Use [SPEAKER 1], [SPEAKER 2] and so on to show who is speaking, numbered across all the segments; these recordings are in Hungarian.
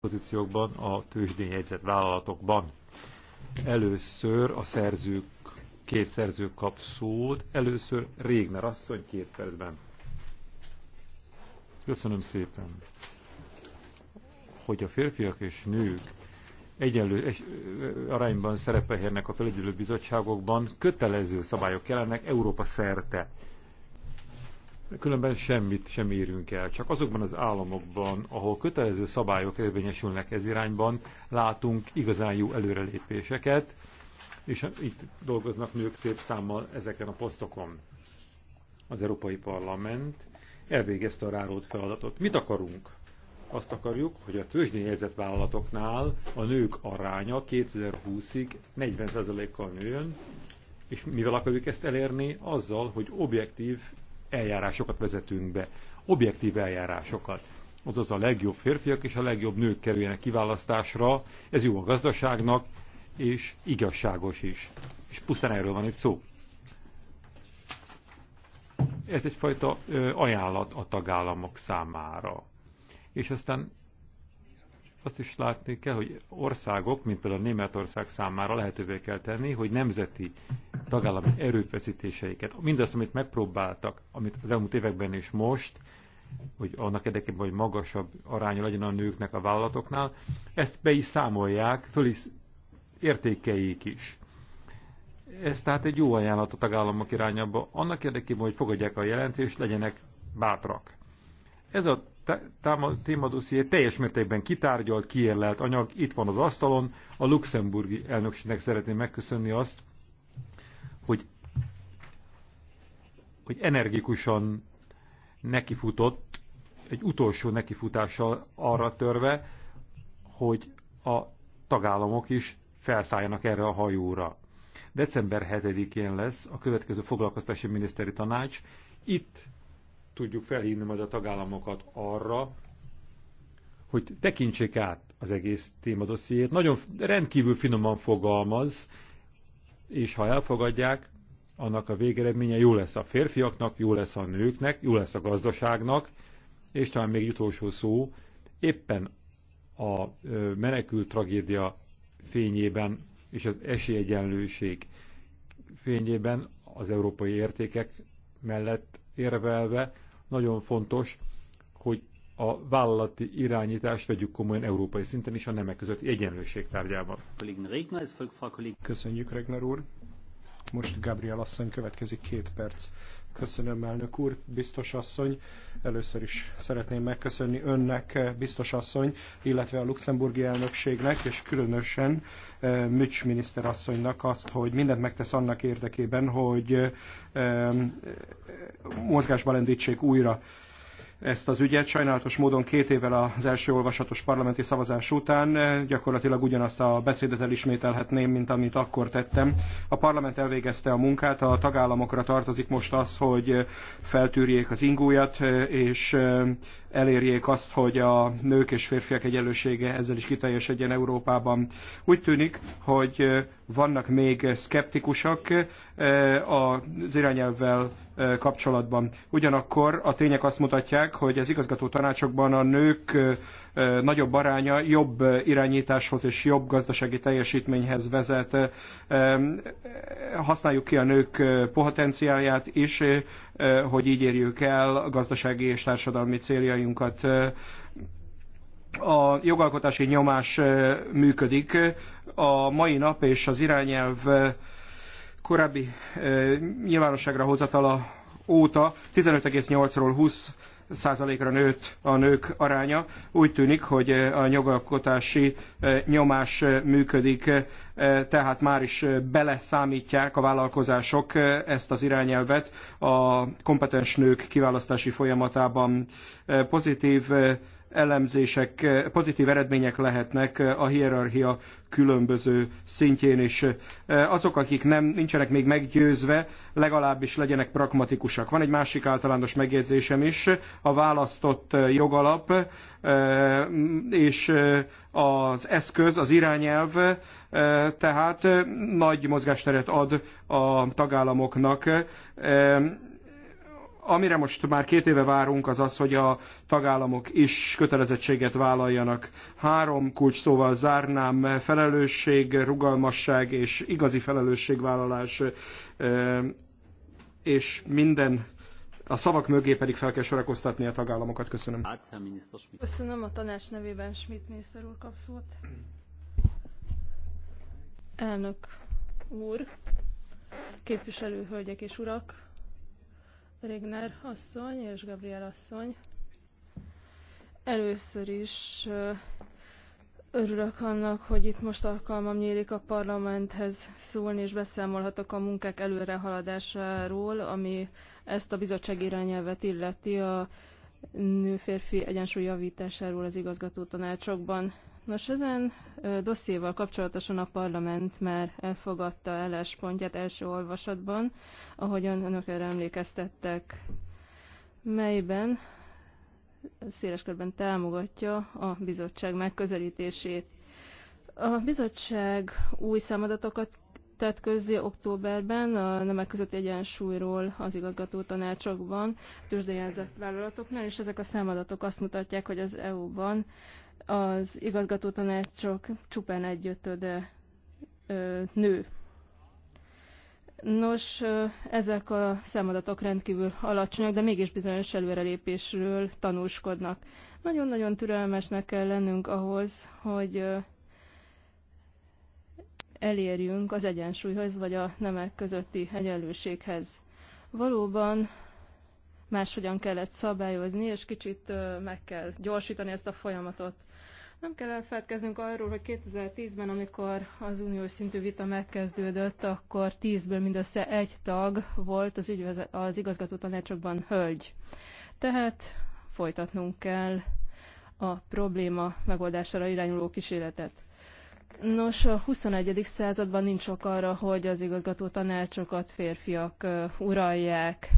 [SPEAKER 1] pozíciókban, a tőzsdén jegyzett vállalatokban. Először a szerzők, két szerző kap szót, először Régner asszony két percben. Köszönöm szépen, hogy a férfiak és nők egyenlő és arányban szerepelhérnek a felügyelő bizottságokban, kötelező szabályok jelennek Európa szerte. Különben semmit sem érünk el. Csak azokban az államokban, ahol kötelező szabályok érvényesülnek ez irányban, látunk igazán jó előrelépéseket, és itt dolgoznak nők szép számmal ezeken a posztokon. Az Európai Parlament elvégezte a rárót feladatot. Mit akarunk? Azt akarjuk, hogy a tőzsdényezett vállalatoknál a nők aránya 2020-ig 40%-kal nőjön, és mivel akarjuk ezt elérni? Azzal, hogy objektív eljárásokat vezetünk be, objektív eljárásokat. Azaz a legjobb férfiak és a legjobb nők kerüljenek kiválasztásra, ez jó a gazdaságnak, és igazságos is. És pusztán erről van itt szó. Ez egyfajta ajánlat a tagállamok számára. És aztán azt is látni kell, hogy országok, mint például Németország számára lehetővé kell tenni, hogy nemzeti tagállami erőfeszítéseiket, mindazt, amit megpróbáltak, amit az elmúlt években és most, hogy annak érdekében, hogy magasabb aránya legyen a nőknek a vállalatoknál, ezt be is számolják, föl is értékeljék is. Ez tehát egy jó ajánlat a tagállamok irányába, annak érdekében, hogy fogadják a jelentést, legyenek bátrak. Ez a témadosszié teljes mértékben kitárgyalt, kiérlelt anyag, itt van az asztalon. A luxemburgi elnökségnek szeretném megköszönni azt, hogy, hogy energikusan nekifutott, egy utolsó nekifutással arra törve, hogy a tagállamok is felszálljanak erre a hajóra. December 7-én lesz a következő foglalkoztási miniszteri tanács. Itt tudjuk felhívni majd a tagállamokat arra, hogy tekintsék át az egész témadossziét. Nagyon rendkívül finoman fogalmaz, és ha elfogadják, annak a végeredménye jó lesz a férfiaknak, jó lesz a nőknek, jó lesz a gazdaságnak, és talán még utolsó szó, éppen a menekült tragédia fényében és az esélyegyenlőség fényében az európai értékek mellett érvelve nagyon fontos, hogy a vállalati irányítást vegyük komolyan európai szinten is a nemek közötti egyenlőség tárgyában. Köszönjük, Regner úr!
[SPEAKER 2] Most Gabriel asszony következik két perc. Köszönöm, elnök úr, biztos asszony. Először is szeretném megköszönni önnek, biztos asszony, illetve a luxemburgi elnökségnek, és különösen eh, Mücs miniszter asszonynak azt, hogy mindent megtesz annak érdekében, hogy eh, eh, mozgásba lendítsék újra ezt az ügyet. Sajnálatos módon két évvel az első olvasatos parlamenti szavazás után eh, gyakorlatilag ugyanazt a beszédet elismételhetném, mint amit akkor tettem. A parlament elvégezte a munkát, a tagállamokra tartozik most az, hogy eh, feltűrjék az ingújat, eh, és elérjék azt, hogy a nők és férfiak egyenlősége ezzel is kiteljesedjen Európában. Úgy tűnik, hogy vannak még szkeptikusak az irányelvvel kapcsolatban. Ugyanakkor a tények azt mutatják, hogy az igazgató tanácsokban a nők nagyobb aránya jobb irányításhoz és jobb gazdasági teljesítményhez vezet. Használjuk ki a nők potenciáját is, hogy így érjük el a gazdasági és társadalmi célja céljainkat. A jogalkotási nyomás működik. A mai nap és az irányelv korábbi nyilvánosságra hozatala óta 15,8-ról 20 százalékra nőtt a nők aránya. Úgy tűnik, hogy eh, a jogalkotási eh, nyomás eh, működik, tehát már is beleszámítják a vállalkozások ezt az irányelvet a kompetens nők kiválasztási folyamatában. Pozitív elemzések, pozitív eredmények lehetnek a hierarchia különböző szintjén is. Azok, akik nem, nincsenek még meggyőzve, legalábbis legyenek pragmatikusak. Van egy másik általános megjegyzésem is, a választott jogalap és az eszköz, az irányelv, tehát nagy mozgásteret ad a tagállamoknak. Amire most már két éve várunk, az az, hogy a tagállamok is kötelezettséget vállaljanak. Három kulcs szóval zárnám, felelősség, rugalmasság és igazi felelősségvállalás, és minden a szavak mögé pedig fel kell sorakoztatni a tagállamokat. Köszönöm.
[SPEAKER 3] Köszönöm a tanács nevében, Schmidt miniszter úr kap szót. Elnök úr, képviselő hölgyek és urak, Regner asszony és Gabriel asszony. Először is örülök annak, hogy itt most alkalmam nyílik a parlamenthez szólni, és beszámolhatok a munkák előrehaladásáról, ami ezt a bizottság irányelvet illeti a nő-férfi egyensúly javításáról az igazgató tanácsokban. Nos, ezen dossziéval kapcsolatosan a parlament már elfogadta álláspontját első olvasatban, ahogyan önök erre emlékeztettek, melyben széles körben támogatja a bizottság megközelítését. A bizottság új számadatokat tett közzé októberben a nemek közötti egyensúlyról az igazgató tanácsokban, tőzsdejelzett vállalatoknál, és ezek a számadatok azt mutatják, hogy az EU-ban az igazgató tanácsok csupán egyötöde nő. Nos, ezek a számadatok rendkívül alacsonyak, de mégis bizonyos előrelépésről tanúskodnak. Nagyon-nagyon türelmesnek kell lennünk ahhoz, hogy elérjünk az egyensúlyhoz, vagy a nemek közötti egyenlőséghez. Valóban máshogyan kell ezt szabályozni, és kicsit meg kell gyorsítani ezt a folyamatot. Nem kell elfelelkeznünk arról, hogy 2010-ben, amikor az uniós szintű vita megkezdődött, akkor 10-ből mindössze egy tag volt az, ügyvezet, az igazgató tanácsokban hölgy. Tehát folytatnunk kell a probléma megoldására irányuló kísérletet. Nos, a 21. században nincs sok arra, hogy az igazgató tanácsokat férfiak uralják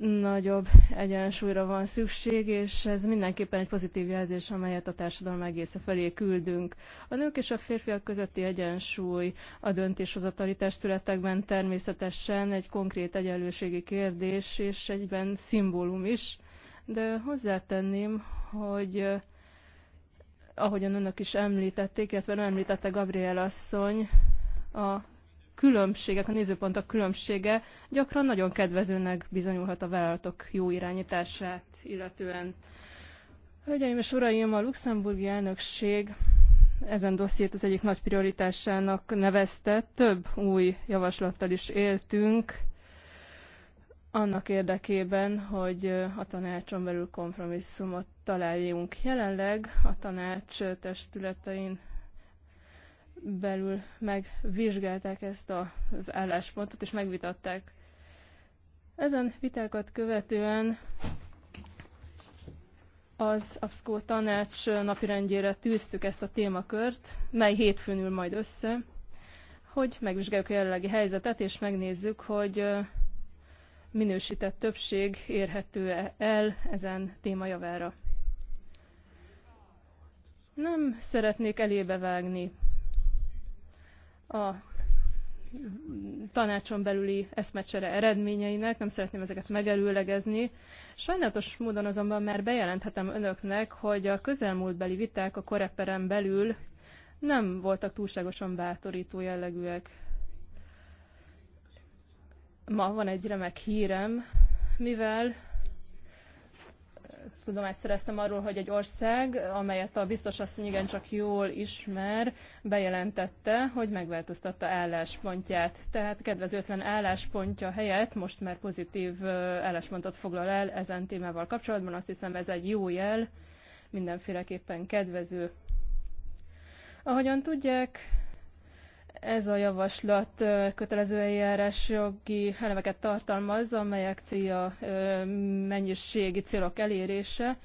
[SPEAKER 3] nagyobb egyensúlyra van szükség, és ez mindenképpen egy pozitív jelzés, amelyet a társadalom egésze felé küldünk. A nők és a férfiak közötti egyensúly a döntéshozatali testületekben természetesen egy konkrét egyenlőségi kérdés, és egyben szimbólum is, de hozzátenném, hogy eh, ahogyan önök is említették, illetve nem említette Gabriel asszony, a különbségek, a nézőpontok különbsége gyakran nagyon kedvezőnek bizonyulhat a vállalatok jó irányítását, illetően. Hölgyeim és uraim, a luxemburgi elnökség ezen dossziét az egyik nagy prioritásának nevezte. Több új javaslattal is éltünk annak érdekében, hogy a tanácson belül kompromisszumot találjunk. Jelenleg a tanács testületein belül megvizsgálták ezt az álláspontot, és megvitatták. Ezen vitákat követően az Abszkó tanács napirendjére tűztük ezt a témakört, mely hétfőn ül majd össze, hogy megvizsgáljuk a jelenlegi helyzetet, és megnézzük, hogy minősített többség érhető -e el ezen témajavára. Nem szeretnék elébe vágni a tanácson belüli eszmecsere eredményeinek, nem szeretném ezeket megerőlegezni. Sajnálatos módon azonban már bejelenthetem önöknek, hogy a közelmúltbeli viták a koreperen belül nem voltak túlságosan bátorító jellegűek. Ma van egy remek hírem, mivel tudomást szereztem arról, hogy egy ország, amelyet a biztos asszony igencsak jól ismer, bejelentette, hogy megváltoztatta álláspontját. Tehát kedvezőtlen álláspontja helyett most már pozitív álláspontot foglal el ezen témával kapcsolatban. Azt hiszem ez egy jó jel, mindenféleképpen kedvező. Ahogyan tudják, ez a javaslat kötelező eljárás jogi elemeket tartalmaz, amelyek célja mennyiségi célok elérése,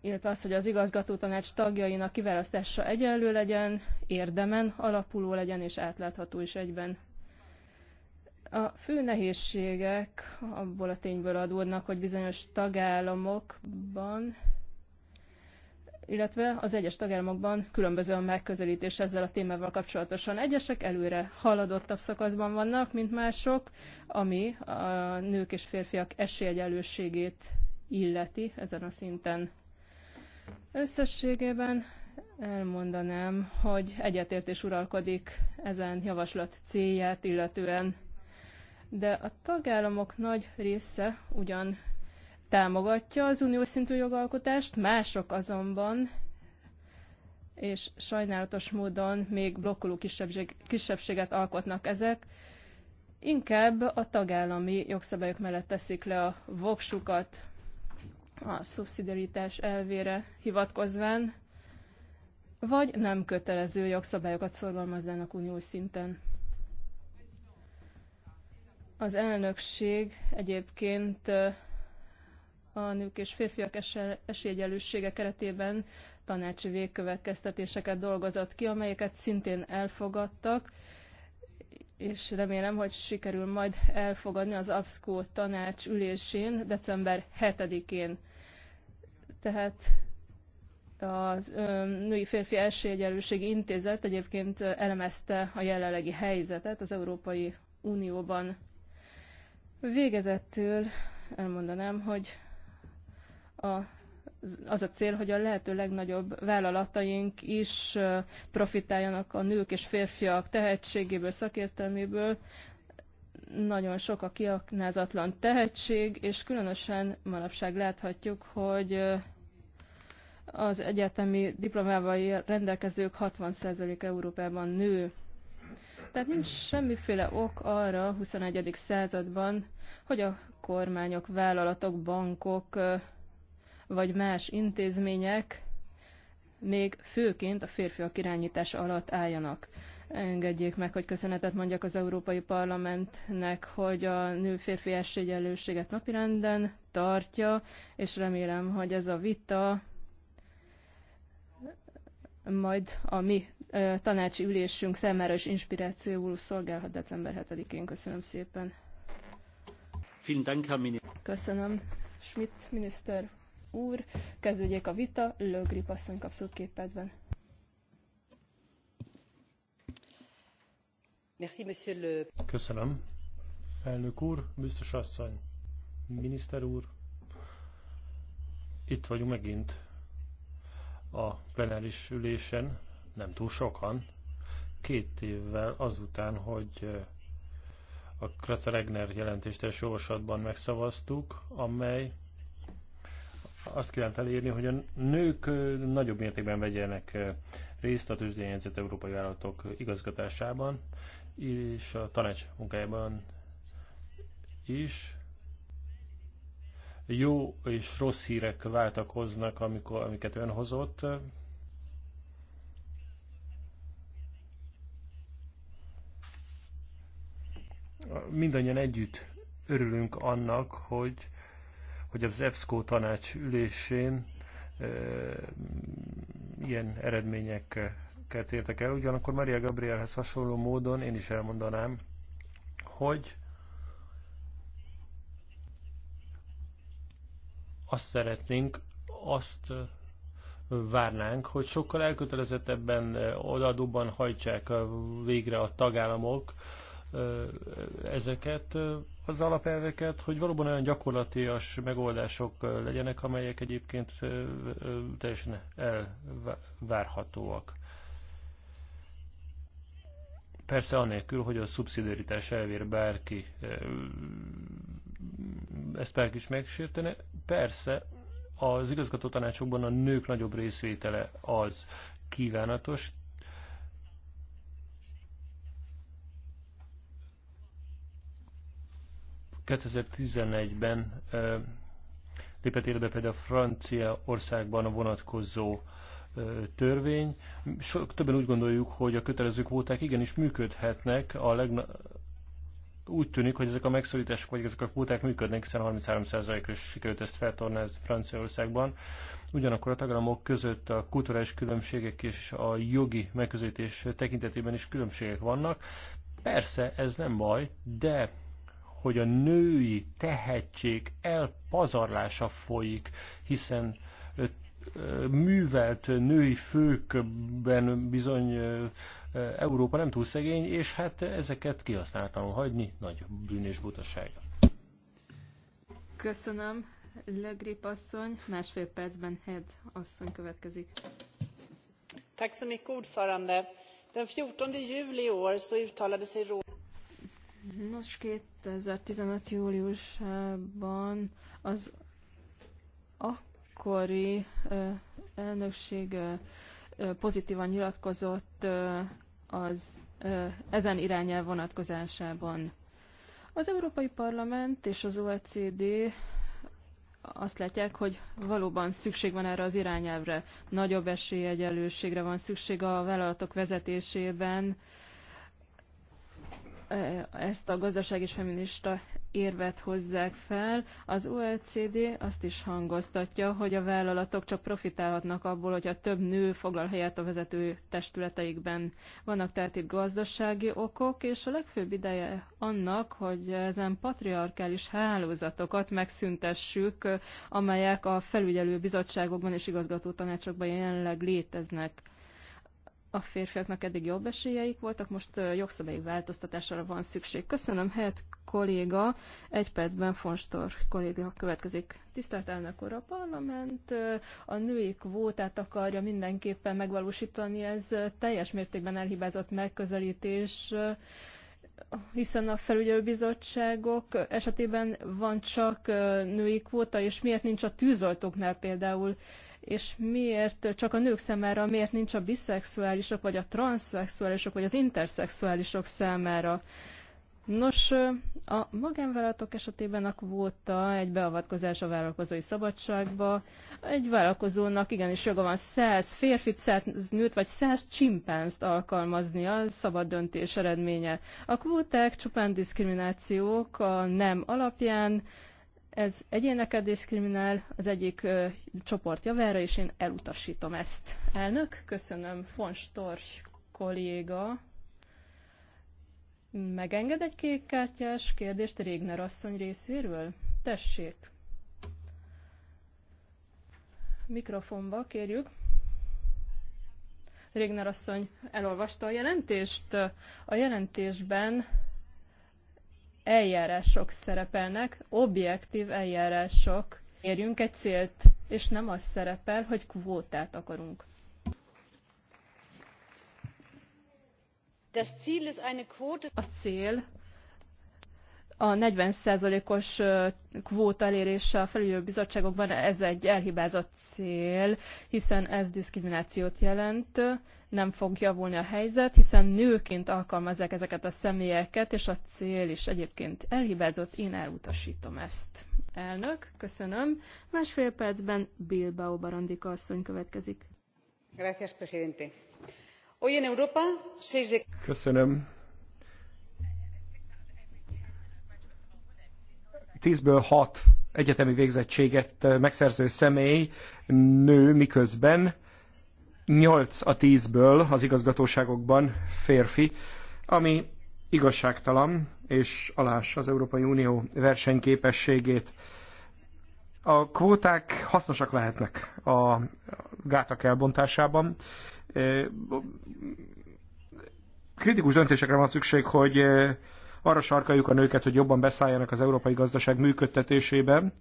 [SPEAKER 3] illetve az, hogy az igazgató tanács tagjainak kiválasztása egyenlő legyen, érdemen alapuló legyen és átlátható is egyben. A fő nehézségek abból a tényből adódnak, hogy bizonyos tagállamokban illetve az egyes tagállamokban különböző a megközelítés ezzel a témával kapcsolatosan. Egyesek előre haladottabb szakaszban vannak, mint mások, ami a nők és férfiak esélyegyenlőségét illeti ezen a szinten. Összességében elmondanám, hogy egyetértés uralkodik ezen javaslat célját illetően, de a tagállamok nagy része ugyan támogatja az uniós szintű jogalkotást, mások azonban és sajnálatos módon még blokkoló kisebbség, kisebbséget alkotnak ezek, inkább a tagállami jogszabályok mellett teszik le a voksukat a szubszidiaritás elvére hivatkozván, vagy nem kötelező jogszabályokat szorgalmaznának uniós szinten. Az elnökség egyébként a nők és férfiak esélyegyelőssége keretében tanácsi végkövetkeztetéseket dolgozott ki, amelyeket szintén elfogadtak, és remélem, hogy sikerül majd elfogadni az AFSZKÓ tanács ülésén december 7-én. Tehát a Női Férfi Esélyegyelőségi Intézet egyébként elemezte a jelenlegi helyzetet az Európai Unióban. Végezettől elmondanám, hogy a az a cél, hogy a lehető legnagyobb vállalataink is profitáljanak a nők és férfiak tehetségéből, szakértelméből. Nagyon sok a kiaknázatlan tehetség, és különösen manapság láthatjuk, hogy az egyetemi diplomával rendelkezők 60% Európában nő. Tehát nincs semmiféle ok arra a 21. században, hogy a kormányok, vállalatok, bankok vagy más intézmények még főként a férfiak irányítása alatt álljanak. Engedjék meg, hogy köszönetet mondjak az Európai Parlamentnek, hogy a nő férfi egyenlőséget napirenden tartja, és remélem, hogy ez a vita majd a mi tanácsi ülésünk számára is inspirációul szolgálhat december 7-én. Köszönöm szépen. Köszönöm, Schmidt miniszter úr. Kezdődjék a vita, Lögrip asszony kap szót két percben. Merci, monsieur le...
[SPEAKER 4] Köszönöm. Elnök úr, biztos asszony, miniszter úr, itt vagyunk megint a plenáris ülésen, nem túl sokan, két évvel azután, hogy a Kratzer-Egner jelentést első olvasatban megszavaztuk, amely azt kívánt elérni, hogy a nők nagyobb mértékben vegyenek részt a tőzsdényedzett európai vállalatok igazgatásában és a tanács munkájában is. Jó és rossz hírek váltakoznak, amikor, amiket ön hozott. Mindannyian együtt örülünk annak, hogy hogy az EBSCO tanács ülésén e, ilyen eredményeket értek el. Ugyanakkor Maria Gabrielhez hasonló módon én is elmondanám, hogy azt szeretnénk, azt várnánk, hogy sokkal elkötelezettebben odaadóban hajtsák végre a tagállamok ezeket az alapelveket, hogy valóban olyan gyakorlatias megoldások legyenek, amelyek egyébként teljesen elvárhatóak. Persze anélkül, hogy a szubszidőritás elvér bárki ezt bárki is megsértene. Persze az igazgató tanácsokban a nők nagyobb részvétele az kívánatos, 2011-ben lépett életbe például Francia országban a vonatkozó törvény. Sok, többen úgy gondoljuk, hogy a kötelező kvóták igenis működhetnek, a legna... úgy tűnik, hogy ezek a megszorítások vagy ezek a kvóták működnek, hiszen 33 os sikerült ezt feltornázni Franciaországban. Ugyanakkor a tagállamok között a kulturális különbségek és a jogi megközelítés tekintetében is különbségek vannak. Persze, ez nem baj, de hogy a női tehetség elpazarlása folyik, hiszen művelt női főkben bizony Európa nem túl szegény, és hát ezeket kihasználtan hagyni nagy bűn és butaság.
[SPEAKER 3] Köszönöm, Legrip asszony. Másfél percben Head asszony következik. Tack så mycket ordförande. Den 14 juli i år så uttalade sig Nos, 2015. júliusában az akkori elnökség pozitívan nyilatkozott az ezen irányel vonatkozásában. Az Európai Parlament és az OECD azt látják, hogy valóban szükség van erre az irányelvre. Nagyobb esélyegyelőségre van szükség a vállalatok vezetésében, ezt a gazdaság és feminista érvet hozzák fel. Az OECD azt is hangoztatja, hogy a vállalatok csak profitálhatnak abból, hogyha több nő foglal helyet a vezető testületeikben. Vannak tehát itt gazdasági okok, és a legfőbb ideje annak, hogy ezen patriarkális hálózatokat megszüntessük, amelyek a felügyelő bizottságokban és igazgató tanácsokban jelenleg léteznek a férfiaknak eddig jobb esélyeik voltak, most jogszabályi változtatásra van szükség. Köszönöm, hát kolléga, egy percben Fonstor kolléga következik. Tisztelt elnök úr, a parlament a női kvótát akarja mindenképpen megvalósítani, ez teljes mértékben elhibázott megközelítés hiszen a felügyelőbizottságok esetében van csak női kvóta, és miért nincs a tűzoltóknál például és miért csak a nők számára, miért nincs a biszexuálisok, vagy a transzexuálisok, vagy az interszexuálisok számára. Nos, a magánvállalatok esetében a kvóta egy beavatkozás a vállalkozói szabadságba. Egy vállalkozónak igenis joga van száz férfit, száz nőt vagy száz csimpánzt alkalmazni a szabad döntés eredménye. A kvóták csupán diszkriminációk a nem alapján, ez egyéneket diszkriminál az egyik ö, csoport javára, és én elutasítom ezt. Elnök, köszönöm, von Storch kolléga. Megenged egy kékkártyás kérdést Régner asszony részéről? Tessék. Mikrofonba kérjük. Régner asszony elolvasta a jelentést. A jelentésben eljárások szerepelnek, objektív eljárások. Érjünk egy célt, és nem az szerepel, hogy kvótát akarunk.
[SPEAKER 4] A
[SPEAKER 3] cél a 40%-os kvóta elérése a felügyelő bizottságokban ez egy elhibázott cél, hiszen ez diszkriminációt jelent, nem fog javulni a helyzet, hiszen nőként alkalmazzák ezeket a személyeket, és a cél is egyébként elhibázott, én elutasítom ezt. Elnök, köszönöm. Másfél percben Bilbao Barandika asszony következik. Gracias, presidente. Hoy en Europa, 6 de...
[SPEAKER 2] Köszönöm Tízből hat egyetemi végzettséget megszerző személy nő, miközben 8 a 10-ből az igazgatóságokban férfi, ami igazságtalan és alás az Európai Unió versenyképességét. A kvóták hasznosak lehetnek a gátak elbontásában. Kritikus döntésekre van szükség, hogy arra sarkaljuk a nőket, hogy jobban beszálljanak az európai gazdaság működtetésében.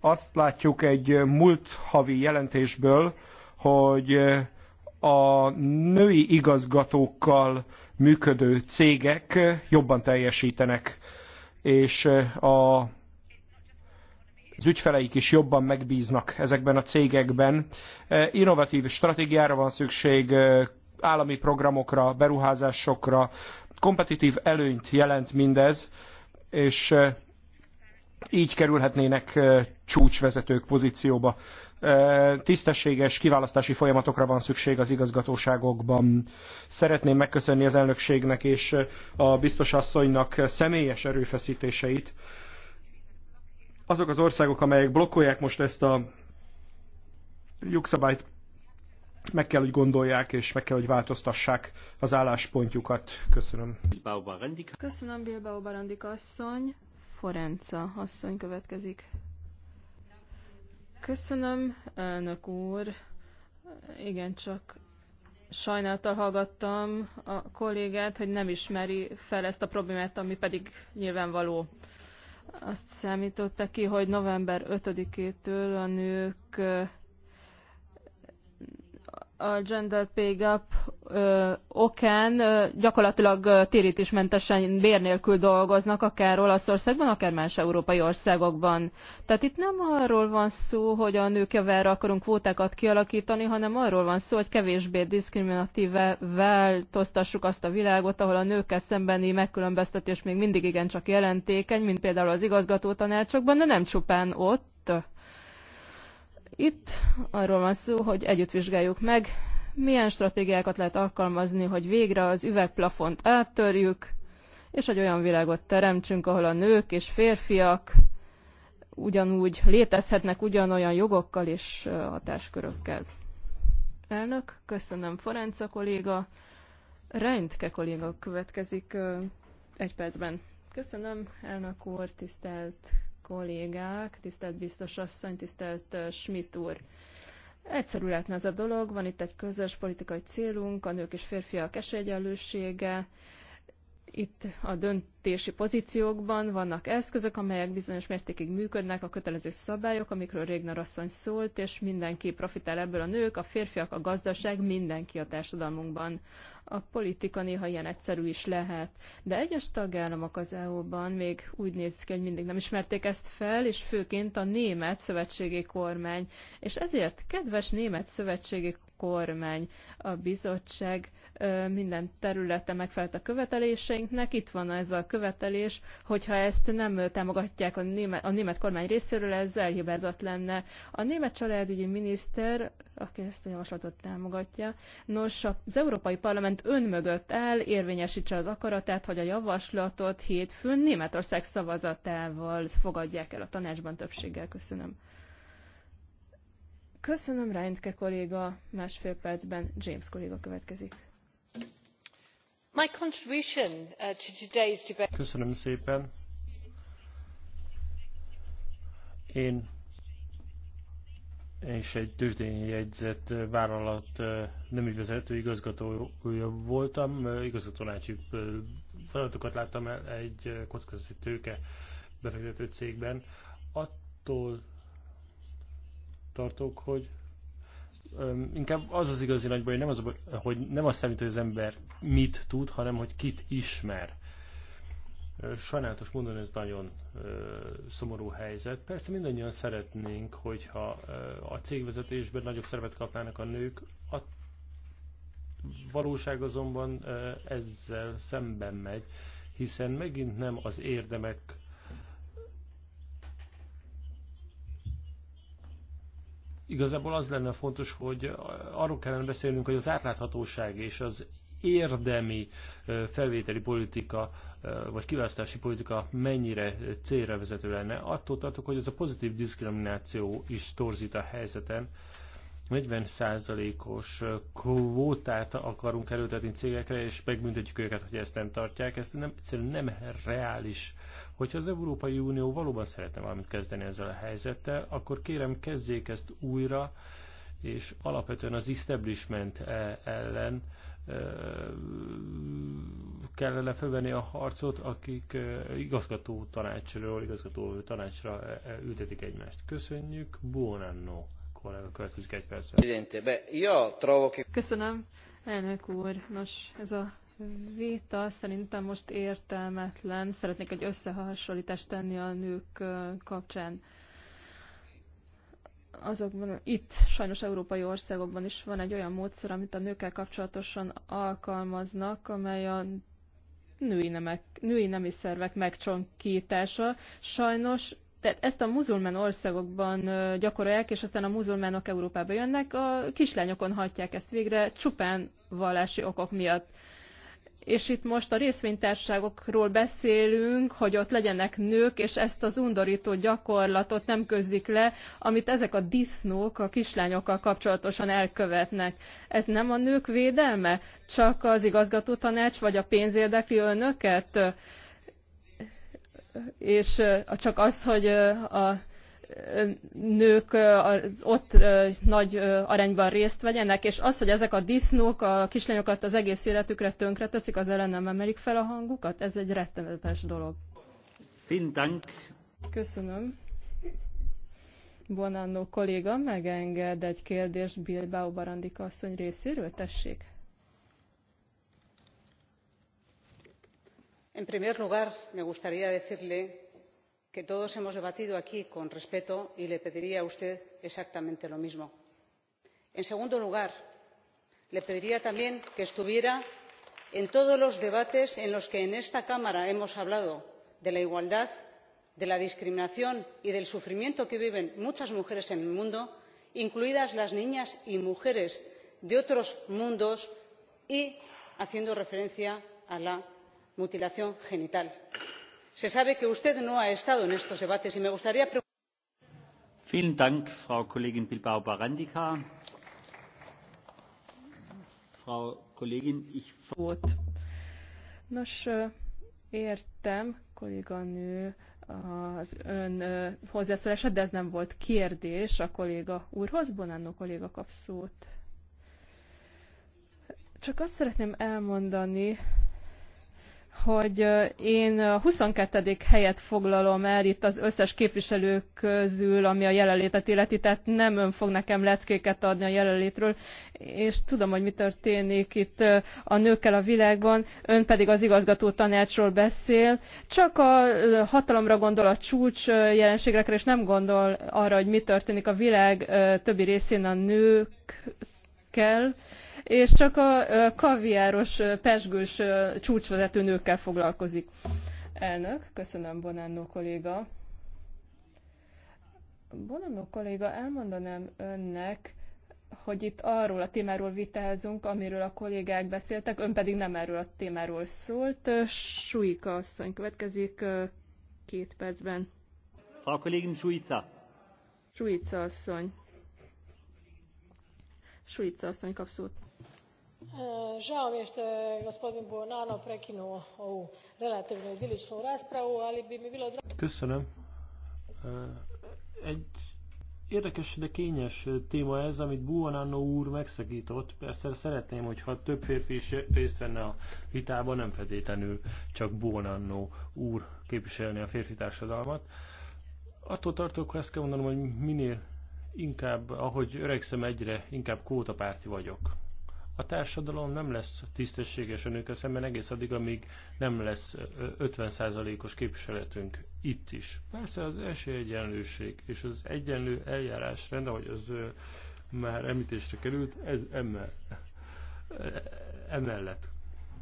[SPEAKER 2] Azt látjuk egy múlt havi jelentésből, hogy a női igazgatókkal működő cégek jobban teljesítenek, és a, az ügyfeleik is jobban megbíznak ezekben a cégekben. Innovatív stratégiára van szükség, állami programokra, beruházásokra. Kompetitív előnyt jelent mindez, és eh, így kerülhetnének eh, csúcsvezetők pozícióba. Eh, tisztességes kiválasztási folyamatokra van szükség az igazgatóságokban. Szeretném megköszönni az elnökségnek és a biztosasszonynak személyes erőfeszítéseit. Azok az országok, amelyek blokkolják most ezt a jogszabályt, meg kell, hogy gondolják, és meg kell, hogy változtassák az álláspontjukat. Köszönöm.
[SPEAKER 3] Köszönöm, Bilbao Barandik asszony. Forenca asszony következik. Köszönöm, elnök úr. Igen, csak sajnálattal hallgattam a kollégát, hogy nem ismeri fel ezt a problémát, ami pedig nyilvánvaló. Azt számította ki, hogy november 5-től a nők a gender pay gap ö, okán ö, gyakorlatilag térítésmentesen bér nélkül dolgoznak, akár Olaszországban, akár más európai országokban. Tehát itt nem arról van szó, hogy a nők javára akarunk kvótákat kialakítani, hanem arról van szó, hogy kevésbé diszkriminatíve változtassuk azt a világot, ahol a nőkkel szembeni megkülönböztetés még mindig igencsak jelentékeny, mint például az igazgató tanácsokban, de nem csupán ott. Itt arról van szó, hogy együtt vizsgáljuk meg, milyen stratégiákat lehet alkalmazni, hogy végre az üvegplafont áttörjük, és egy olyan világot teremtsünk, ahol a nők és férfiak ugyanúgy létezhetnek ugyanolyan jogokkal és hatáskörökkel. Elnök, köszönöm Forenca kolléga. Reintke kolléga következik egy percben. Köszönöm, elnök úr, tisztelt kollégák, tisztelt biztos asszony, tisztelt Schmidt úr. Egyszerű lehetne ez a dolog, van itt egy közös politikai célunk, a nők és férfiak esélyegyenlősége, itt a döntési pozíciókban vannak eszközök, amelyek bizonyos mértékig működnek, a kötelező szabályok, amikről Régner asszony szólt, és mindenki profitál ebből a nők, a férfiak, a gazdaság, mindenki a társadalmunkban. A politika néha ilyen egyszerű is lehet. De egyes tagállamok az EU-ban még úgy néz ki, hogy mindig nem ismerték ezt fel, és főként a német szövetségi kormány. És ezért, kedves német szövetségi kormány, a bizottság minden területe megfelelt a követeléseinknek. Itt van ez a követelés, hogyha ezt nem támogatják a német, a német kormány részéről, ez elhibázat lenne. A német családügyi miniszter, aki ezt a javaslatot támogatja, nos, az Európai Parlament szerint ön mögött áll, érvényesítse az akaratát, hogy a javaslatot hétfőn Németország szavazatával fogadják el a tanácsban többséggel. Köszönöm. Köszönöm, Reintke kolléga. Másfél percben James kolléga következik. Uh,
[SPEAKER 4] Köszönöm szépen. Én és egy tőzsdén jegyzett vállalat nem ügyvezető igazgatója voltam, igazgatónácsi feladatokat láttam el egy kockázati tőke befektető cégben. Attól tartok, hogy inkább az az igazi nagy baj, hogy nem az, hogy nem azt számít, hogy az ember mit tud, hanem hogy kit ismer. Sajnálatos módon ez nagyon szomorú helyzet. Persze mindannyian szeretnénk, hogyha a cégvezetésben nagyobb szerepet kapnának a nők, a valóság azonban ezzel szemben megy, hiszen megint nem az érdemek Igazából az lenne fontos, hogy arról kellene beszélnünk, hogy az átláthatóság és az érdemi felvételi politika vagy kiválasztási politika mennyire célra vezető lenne. Attól tartok, hogy ez a pozitív diszkrimináció is torzít a helyzeten. 40%-os kvótát akarunk előtetni cégekre, és megbüntetjük őket, hogy ezt nem tartják. Ez nem, egyszerűen nem reális. Hogyha az Európai Unió valóban szeretne valamit kezdeni ezzel a helyzettel, akkor kérem kezdjék ezt újra, és alapvetően az establishment e, ellen kellene fölvenni a harcot, akik igazgató tanácsról, igazgató tanácsra ültetik egymást. Köszönjük, buonanno, kollega, következik egy percben.
[SPEAKER 3] Köszönöm, elnök úr. Nos, ez a vita szerintem most értelmetlen. Szeretnék egy összehasonlítást tenni a nők kapcsán azokban, itt sajnos európai országokban is van egy olyan módszer, amit a nőkkel kapcsolatosan alkalmaznak, amely a női, nemek, női nemi szervek megcsonkítása. Sajnos tehát ezt a muzulmán országokban gyakorolják, és aztán a muzulmánok Európába jönnek, a kislányokon hagyják ezt végre csupán vallási okok miatt és itt most a részvénytársaságokról beszélünk, hogy ott legyenek nők, és ezt az undorító gyakorlatot nem közdik le, amit ezek a disznók a kislányokkal kapcsolatosan elkövetnek. Ez nem a nők védelme? Csak az igazgató tanács vagy a pénz érdekli önöket? És csak az, hogy a nők az ott nagy arányban részt vegyenek, és az, hogy ezek a disznók a kislányokat az egész életükre teszik, az ellen nem emelik fel a hangukat, ez egy rettenetes dolog.
[SPEAKER 1] Fintank.
[SPEAKER 3] Köszönöm. Bonanno kolléga megenged egy kérdést Bilbao Barandika asszony részéről, tessék. En primer lugar, me gustaría decirle que todos hemos debatido aquí con respeto y le pediría a usted exactamente lo mismo. en segundo lugar le pediría también que estuviera en todos los debates en los que en esta cámara hemos hablado de la igualdad de la discriminación y del sufrimiento que viven muchas mujeres en el mundo incluidas las niñas y mujeres de otros mundos y haciendo referencia a la mutilación genital se sabe que usted no ha estado en estos debates y me gustaría Nos, értem, kolléganő, az ön hozzászólása, de ez nem volt kérdés a kolléga úrhoz. Bonanno kolléga kap szót. Csak azt szeretném elmondani, hogy én a 22. helyet foglalom el itt az összes képviselők közül, ami a jelenlétet illeti, tehát nem ön fog nekem leckéket adni a jelenlétről, és tudom, hogy mi történik itt a nőkkel a világban, ön pedig az igazgató tanácsról beszél, csak a hatalomra gondol a csúcs jelenségekre, és nem gondol arra, hogy mi történik a világ többi részén a nőkkel, és csak a kaviáros, pesgős csúcsvezető nőkkel foglalkozik. Elnök, köszönöm bonanno kolléga. bonanno kolléga, elmondanám önnek, hogy itt arról a témáról vitázunk, amiről a kollégák beszéltek, ön pedig nem erről a témáról szólt. Suika asszony következik két percben.
[SPEAKER 1] A kollégim Suica.
[SPEAKER 3] Suica asszony. Suica asszony kap szót. E, žao mi je što je gospodin Buonanno prekinuo ovu relativno idiličnu raspravu, ali bi mi bilo drago...
[SPEAKER 4] Köszönöm. E, egy érdekes, de kényes téma ez, amit Buonanno úr megszakított. Persze szeretném, hogyha több férfi is részt venne a vitában, nem feltétlenül csak Buonanno úr képviselni a férfi társadalmat. Attól tartok, hogy ezt kell mondanom, hogy minél inkább, ahogy öregszem, egyre inkább kótapárti vagyok. A társadalom nem lesz tisztességes a nőkkel szemben egész addig, amíg nem lesz 50%-os képviseletünk itt is. Persze az esélyegyenlőség és az egyenlő eljárás rend, ahogy az már említésre került, ez emel, e, emellett.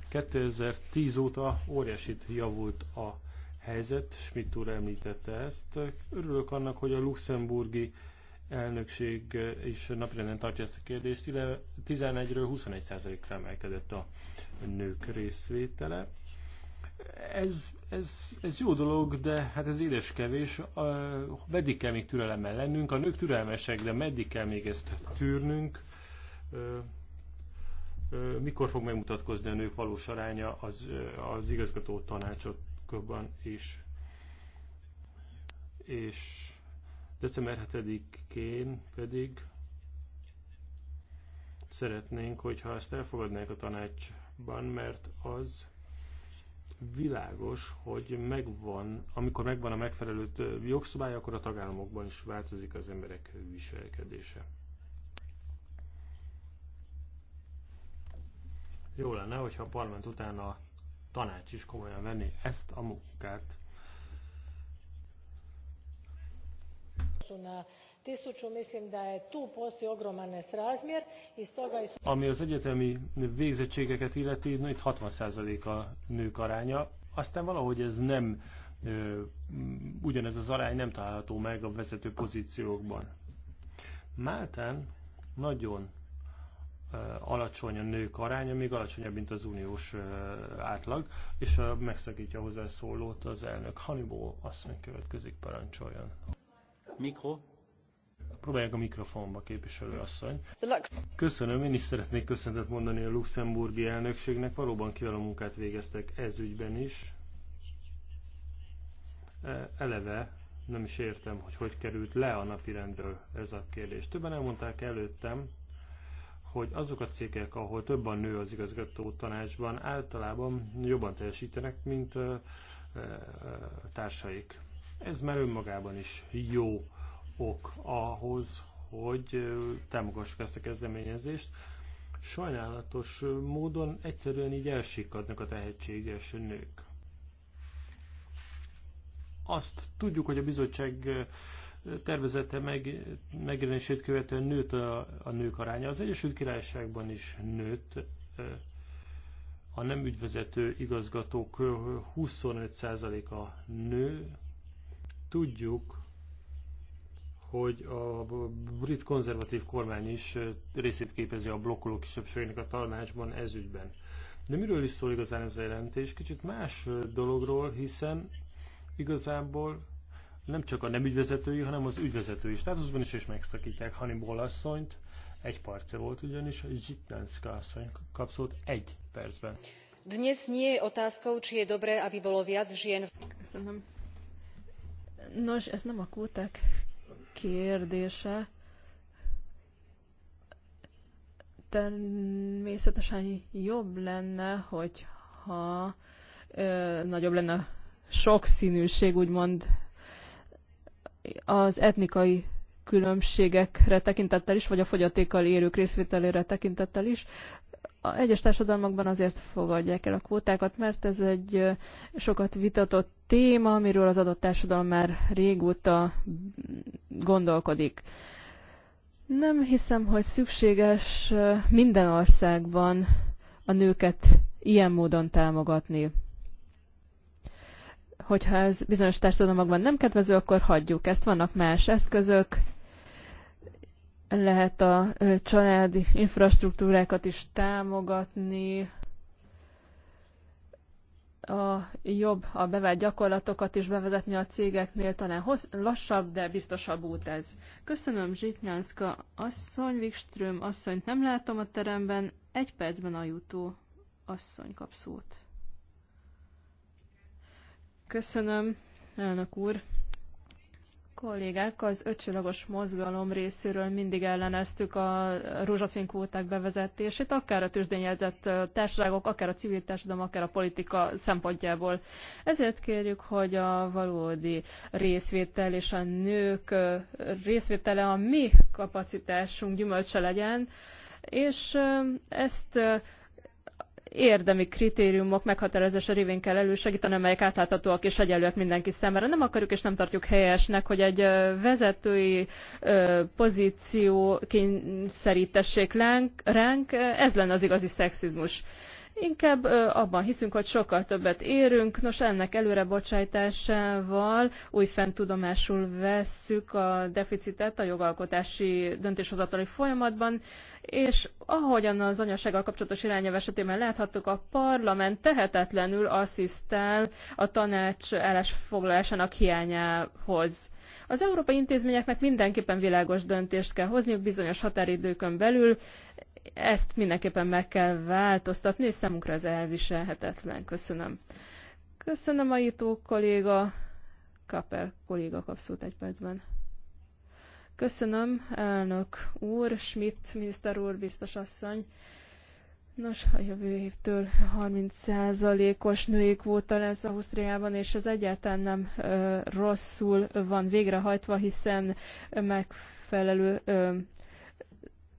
[SPEAKER 4] 2010 óta óriásit javult a helyzet, Schmidt úr említette ezt. Örülök annak, hogy a luxemburgi elnökség eh, is napirenden tartja ezt a kérdést, 11-ről 21%-ra emelkedett a nők részvétele. Ez, ez, ez jó dolog, de hát ez édes kevés. Meddig kell még türelemmel lennünk? A nők türelmesek, de meddig kell még ezt tűrnünk? Mikor fog megmutatkozni a nők valós aránya az, az igazgató tanácsokban is? És December 7-én pedig szeretnénk, hogyha ezt elfogadnák a tanácsban, mert az világos, hogy megvan, amikor megvan a megfelelő jogszabály, akkor a tagállamokban is változik az emberek viselkedése. Jó lenne, hogyha a parlament után a tanács is komolyan venni ezt a munkát, Ami az egyetemi végzettségeket illeti, no itt 60% a nők aránya, aztán valahogy ez nem, ugyanez az arány nem található meg a vezető pozíciókban. Máltán nagyon alacsony a nők aránya, még alacsonyabb, mint az uniós átlag, és megszakítja hozzá szólót az elnök. Hannibal asszony következik, parancsoljon. Mikro. Próbálják a mikrofonba, asszony. Köszönöm, én is szeretnék köszönetet mondani a luxemburgi elnökségnek. Valóban kiváló munkát végeztek ez ügyben is. E, eleve nem is értem, hogy hogy került le a napirendről ez a kérdés. Többen elmondták előttem, hogy azok a cégek, ahol több a nő az igazgató tanácsban, általában jobban teljesítenek, mint társaik. Ez már önmagában is jó ok ahhoz, hogy támogassuk ezt a kezdeményezést. Sajnálatos módon egyszerűen így elsikadnak a tehetséges nők. Azt tudjuk, hogy a bizottság tervezete meg, megjelenését követően nőtt a, a nők aránya. Az Egyesült Királyságban is nőtt a nem ügyvezető igazgatók 25%-a nő, Tudjuk, hogy a brit konzervatív kormány is részét képezi a blokkoló kisebbségnek a tanácsban ezügyben. De miről is szól igazán ez a jelentés? Kicsit más dologról, hiszen igazából nem csak a nem ügyvezetői, hanem az ügyvezetői státuszban is, és megszakítják Hannibal asszonyt. Egy parce volt ugyanis, Zsitnánszka asszony kap szót egy percben.
[SPEAKER 3] Dnes nie je otázkou, či je dobré, aby bolo viac žien. Köszönöm Nos, ez nem a kútek kérdése. Természetesen jobb lenne, hogyha ö, nagyobb lenne a sokszínűség, úgymond az etnikai különbségekre tekintettel is, vagy a fogyatékkal élők részvételére tekintettel is, a egyes társadalmakban azért fogadják el a kvótákat, mert ez egy sokat vitatott téma, amiről az adott társadalom már régóta gondolkodik. Nem hiszem, hogy szükséges minden országban a nőket ilyen módon támogatni. Hogyha ez bizonyos társadalmakban nem kedvező, akkor hagyjuk ezt. Vannak más eszközök, lehet a családi infrastruktúrákat is támogatni, a jobb, a bevált gyakorlatokat is bevezetni a cégeknél, talán hossz, lassabb, de biztosabb út ez. Köszönöm Zsitnyánszka asszony, Wikström asszonyt nem látom a teremben, egy percben a jutó asszony kap szót. Köszönöm, elnök úr kollégák, az ötcsillagos mozgalom részéről mindig elleneztük a rózsaszín kvóták bevezetését, akár a tőzsdényjelzett társaságok, akár a civil társadalom, akár a politika szempontjából. Ezért kérjük, hogy a valódi részvétel és a nők részvétele a mi kapacitásunk gyümölcse legyen, és ezt érdemi kritériumok meghatározása révén kell elősegíteni, amelyek átláthatóak és egyenlőek mindenki számára. Nem akarjuk és nem tartjuk helyesnek, hogy egy vezetői pozíció kényszerítessék ránk, ez lenne az igazi szexizmus. Inkább abban hiszünk, hogy sokkal többet érünk, nos ennek előrebocsájtásával fent tudomásul vesszük a deficitet a jogalkotási döntéshozatali folyamatban, és ahogyan az anyasággal kapcsolatos irányelv esetében láthattuk, a parlament tehetetlenül asszisztál a tanács állásfoglalásának hiányához. Az európai intézményeknek mindenképpen világos döntést kell hozniuk bizonyos határidőkön belül, ezt mindenképpen meg kell változtatni, és számunkra ez elviselhetetlen. Köszönöm. Köszönöm a jutó kolléga, Kapel kolléga kapszót egy percben. Köszönöm, elnök úr, Schmidt, miniszter úr, biztos asszony. Nos, a jövő évtől 30%-os női kvóta lesz Ausztriában, és ez egyáltalán nem ö, rosszul van végrehajtva, hiszen megfelelő ö,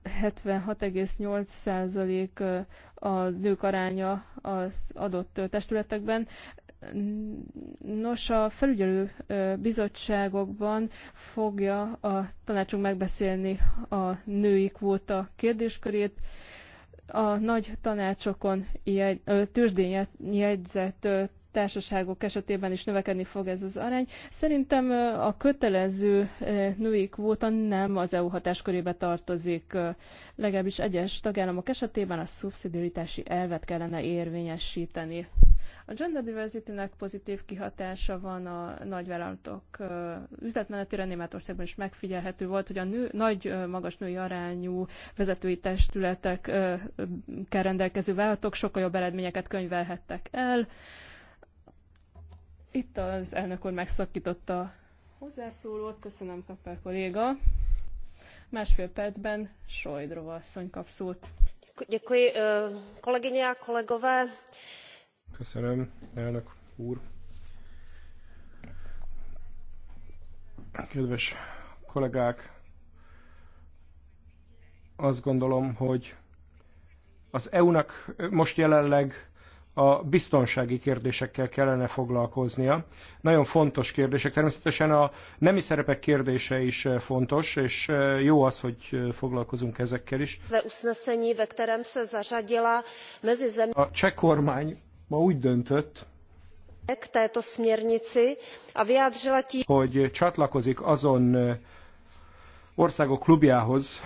[SPEAKER 3] 76,8% a nők aránya az adott testületekben. Nos, a felügyelő bizottságokban fogja a tanácsunk megbeszélni a női kvóta kérdéskörét. A nagy tanácsokon tőzsdén jegyzett társaságok esetében is növekedni fog ez az arány. Szerintem a kötelező női kvóta nem az EU hatáskörébe tartozik, legalábbis egyes tagállamok esetében a szubszidiaritási elvet kellene érvényesíteni. A gender diversity-nek pozitív kihatása van a nagyvállalatok üzletmenetére. Németországban is megfigyelhető volt, hogy a nő, nagy, magas női arányú vezetői testületekkel rendelkező vállalatok sokkal jobb eredményeket könyvelhettek el itt az elnök úr megszakította hozzászólót, köszönöm Kapper kolléga. Másfél percben Sojdrova asszony kap szót. Děkuji, eh, kolegyně a kolegové.
[SPEAKER 2] Köszönöm, elnök úr. Kedves kollégák, azt gondolom, hogy az EU-nak most jelenleg a biztonsági kérdésekkel kellene foglalkoznia. Nagyon fontos kérdések. Természetesen a nemi szerepek kérdése is eh, fontos, és eh, jó az, hogy eh, foglalkozunk ezekkel is. A cseh kormány ma úgy döntött, a hogy csatlakozik azon országok klubjához,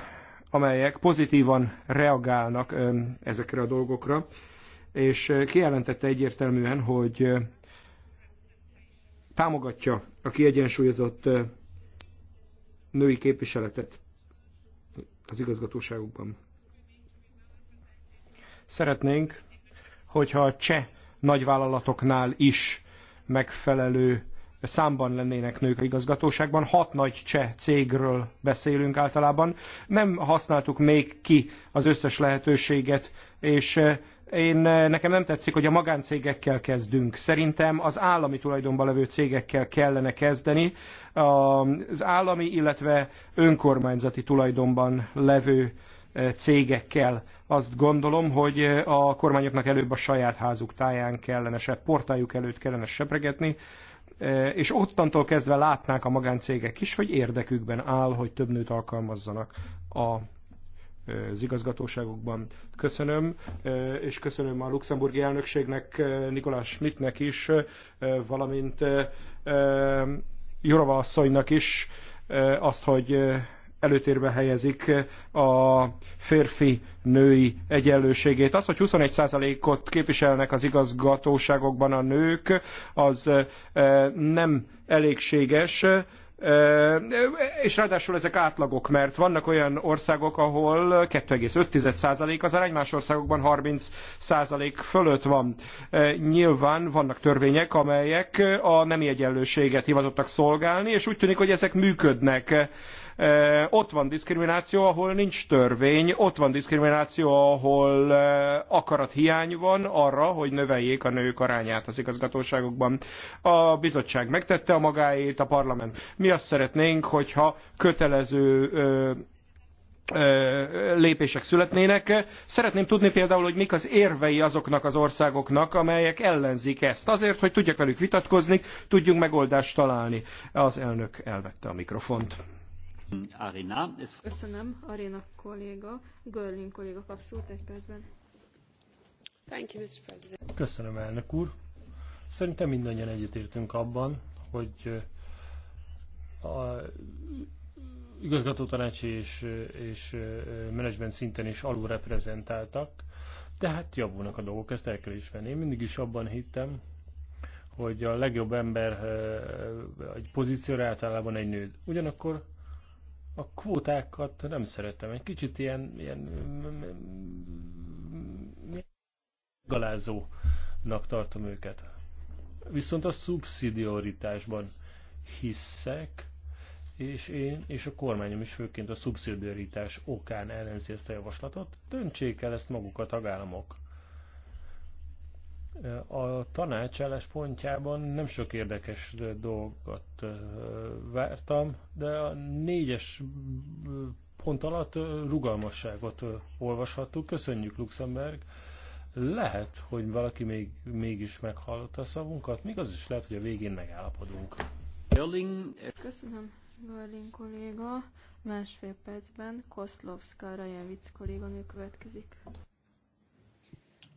[SPEAKER 2] amelyek pozitívan reagálnak ezekre a dolgokra és kijelentette egyértelműen, hogy támogatja a kiegyensúlyozott női képviseletet az igazgatóságokban. Szeretnénk, hogyha a cseh nagyvállalatoknál is megfelelő számban lennének nők a igazgatóságban. Hat nagy cseh cégről beszélünk általában. Nem használtuk még ki az összes lehetőséget, és én, eh, nekem nem tetszik, hogy a magáncégekkel kezdünk. Szerintem az állami tulajdonban levő cégekkel kellene kezdeni. Az állami, illetve önkormányzati tulajdonban levő eh, cégekkel. Azt gondolom, hogy eh, a kormányoknak előbb a saját házuk táján kellene, se portájuk előtt kellene sepregetni, és ottantól kezdve látnák a magáncégek is, hogy érdekükben áll, hogy több nőt alkalmazzanak a Eh, az igazgatóságokban. Köszönöm, eh, és köszönöm a luxemburgi elnökségnek, eh, Nikolás Schmidtnek is, valamint Jurova asszonynak is azt, hogy előtérbe helyezik a férfi-női egyenlőségét. Az, hogy 21%-ot képviselnek az igazgatóságokban a nők, az nem elégséges. És ráadásul ezek átlagok, mert vannak olyan országok, ahol 2,5% az arány, más országokban 30% fölött van. Nyilván vannak törvények, amelyek a nemi egyenlőséget hivatottak szolgálni, és úgy tűnik, hogy ezek működnek ott van diszkrimináció, ahol nincs törvény, ott van diszkrimináció, ahol akarat hiány van arra, hogy növeljék a nők arányát az igazgatóságokban. A bizottság megtette a magáét, a parlament. Mi azt szeretnénk, hogyha kötelező lépések születnének. Szeretném tudni például, hogy mik az érvei azoknak az országoknak, amelyek ellenzik ezt. Azért, hogy tudjak velük vitatkozni, tudjunk megoldást találni. Az elnök elvette a mikrofont.
[SPEAKER 1] Arina.
[SPEAKER 3] Köszönöm, Arina kolléga. Görling kolléga kap szót egy percben. Thank you, Mr. President.
[SPEAKER 4] Köszönöm, elnök úr. Szerintem mindannyian egyetértünk abban, hogy a igazgatótanácsi és, és menedzsment szinten is alulreprezentáltak, de hát javulnak a dolgok, ezt el kell ismerni. Én mindig is abban hittem, hogy a legjobb ember egy pozícióra általában egy nő. Ugyanakkor a kvótákat nem szeretem. Egy kicsit ilyen, ilyen galázónak tartom őket. Viszont a szubszidioritásban hiszek, és én és a kormányom is főként a szubszidioritás okán ellenzi ezt a javaslatot. Döntsék el ezt maguk a tagállamok a tanács álláspontjában nem sok érdekes dolgot vártam, de a négyes pont alatt rugalmasságot olvashattuk. Köszönjük, Luxemburg! Lehet, hogy valaki még, mégis meghallotta a szavunkat, még az is lehet, hogy a végén megállapodunk.
[SPEAKER 1] Köszönöm,
[SPEAKER 3] Görling kolléga. Másfél percben Koszlovszka Rajevic kolléganő következik.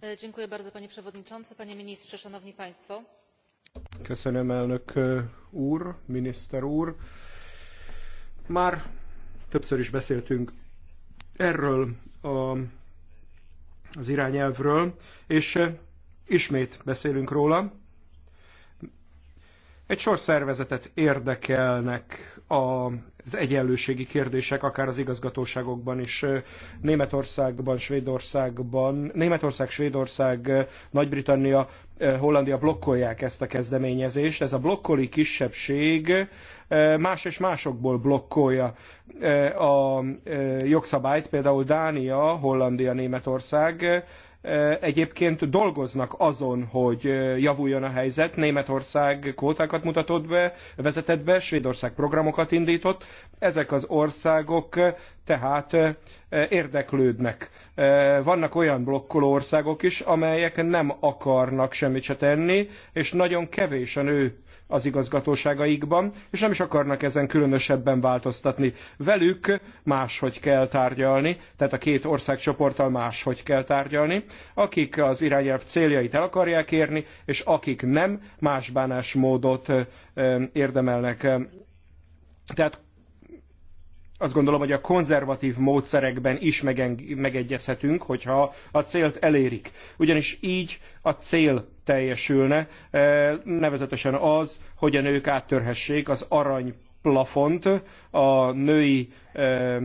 [SPEAKER 3] E, panie przewodniczący! panie ministrze! szanowni państwo!
[SPEAKER 2] E, miniszter már többször is beszéltünk erről a, az irányelvről és e, ismét beszélünk róla. Egy sor szervezetet érdekelnek az egyenlőségi kérdések, akár az igazgatóságokban is. Németországban, Svédországban, Németország, Svédország, Nagy-Britannia, Hollandia blokkolják ezt a kezdeményezést. Ez a blokkoli kisebbség e, más és másokból blokkolja e, a e, jogszabályt, például Dánia, Hollandia, Németország egyébként dolgoznak azon, hogy javuljon a helyzet. Németország kvótákat mutatott be, vezetett be, Svédország programokat indított. Ezek az országok tehát érdeklődnek. Vannak olyan blokkoló országok is, amelyek nem akarnak semmit se tenni, és nagyon kevés a nő az igazgatóságaikban, és nem is akarnak ezen különösebben változtatni. Velük máshogy kell tárgyalni, tehát a két országcsoporttal máshogy kell tárgyalni, akik az irányelv céljait el akarják érni, és akik nem, más bánásmódot érdemelnek. Tehát azt gondolom, hogy a konzervatív módszerekben is megegyezhetünk, hogyha a célt elérik. Ugyanis így a cél teljesülne, e, nevezetesen az, hogy a nők áttörhessék az arany plafont, a női e, e,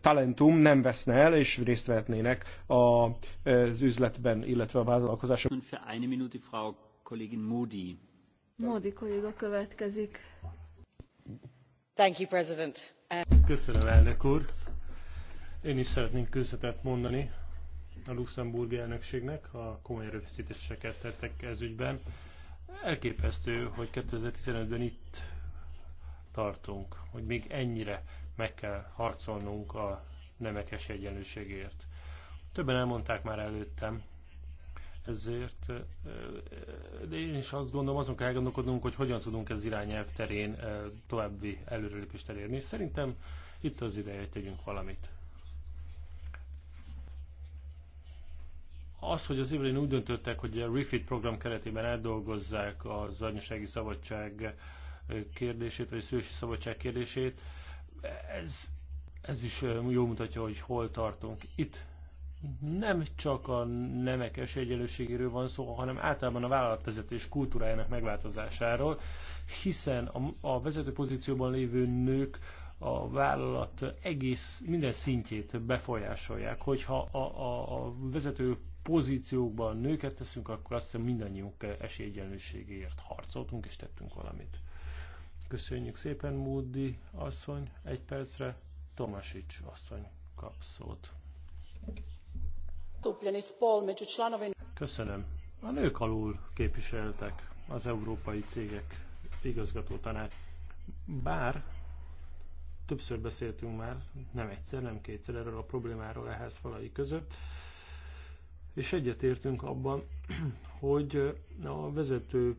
[SPEAKER 2] talentum nem veszne el, és részt vehetnének az üzletben, illetve a vállalkozásokban.
[SPEAKER 1] Módi.
[SPEAKER 3] Módi kolléga következik.
[SPEAKER 4] Thank you, President. Köszönöm, elnök úr. Én is szeretnénk köszönetet mondani a luxemburgi elnökségnek, a komoly erőfeszítéseket tettek ez ügyben. Elképesztő, hogy 2015-ben itt tartunk, hogy még ennyire meg kell harcolnunk a nemekes egyenlőségért. Többen elmondták már előttem, ezért de én is azt gondolom, azon kell elgondolkodnunk, hogy hogyan tudunk ez irányelv terén további előrelépést elérni. Szerintem itt az ideje, hogy tegyünk valamit. az, hogy az évben úgy döntöttek, hogy a Refit program keretében eldolgozzák az anyasági szabadság kérdését, vagy a szülési szabadság kérdését, ez, ez is jól mutatja, hogy hol tartunk. Itt nem csak a nemek esélyegyenlőségéről van szó, hanem általában a vállalatvezetés kultúrájának megváltozásáról, hiszen a, a vezető pozícióban lévő nők a vállalat egész, minden szintjét befolyásolják. Hogyha a, a, a vezető pozíciókban nőket teszünk, akkor azt hiszem mindannyiunk esélyegyenlőségéért harcoltunk és tettünk valamit. Köszönjük szépen, Moody asszony, egy percre. Tomasics asszony kap szót. Köszönöm. A nők alul képviseltek az európai cégek igazgató tanács. Bár többször beszéltünk már, nem egyszer, nem kétszer erről a problémáról ehhez falai között, és egyetértünk abban, hogy a vezető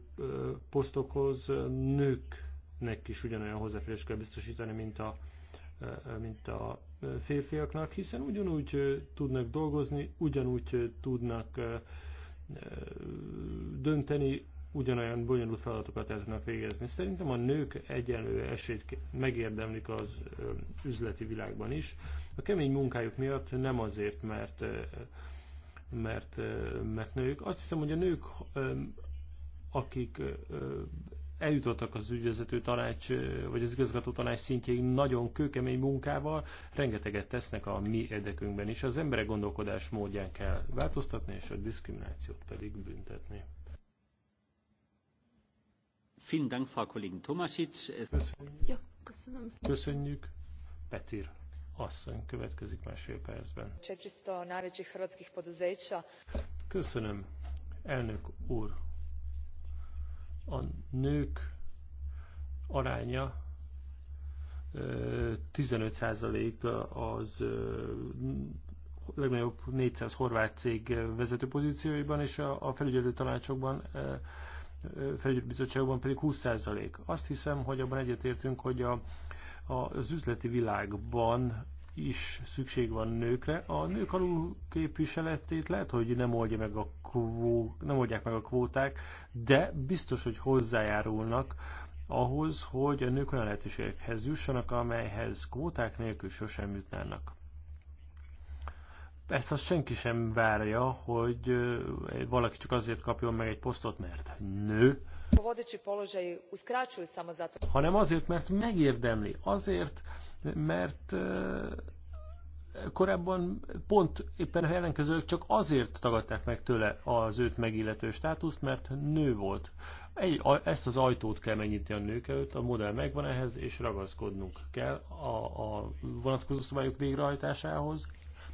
[SPEAKER 4] posztokhoz nőknek is ugyanolyan hozzáférést kell biztosítani, mint a, mint a férfiaknak, hiszen ugyanúgy tudnak dolgozni, ugyanúgy tudnak dönteni, ugyanolyan bonyolult feladatokat el tudnak végezni. Szerintem a nők egyenlő esélyt megérdemlik az üzleti világban is. A kemény munkájuk miatt nem azért, mert mert, mert nők. Azt hiszem, hogy a nők, akik eljutottak az ügyvezető tanács, vagy az igazgató tanács szintjéig nagyon kőkemény munkával, rengeteget tesznek a mi érdekünkben is. Az emberek gondolkodás módján kell változtatni, és a diszkriminációt pedig büntetni.
[SPEAKER 1] Köszönjük.
[SPEAKER 4] Ja, köszönöm. Köszönjük.
[SPEAKER 1] Petir asszony következik másfél percben.
[SPEAKER 3] 400
[SPEAKER 4] Köszönöm, elnök úr. A nők aránya 15% az legnagyobb 400 horvát cég vezető pozícióiban, és a felügyelő tanácsokban, felügyelőbizottságokban pedig 20%. Azt hiszem, hogy abban egyetértünk, hogy a az üzleti világban is szükség van nőkre. A nők alul képviseletét lehet, hogy nem, oldja meg a kvó, nem oldják meg a kvóták, de biztos, hogy hozzájárulnak ahhoz, hogy a nők olyan lehetőségekhez jussanak, amelyhez kvóták nélkül sosem jutnának. Ezt azt senki sem várja, hogy valaki csak azért kapjon meg egy posztot, mert nő, hanem azért, mert megérdemli, azért, mert korábban pont éppen a ellenkezők csak azért tagadták meg tőle az őt megillető státuszt, mert nő volt. Egy, a, ezt az ajtót kell megnyitni a nők előtt, a modell megvan ehhez, és ragaszkodnunk kell a, a vonatkozó szabályok végrehajtásához,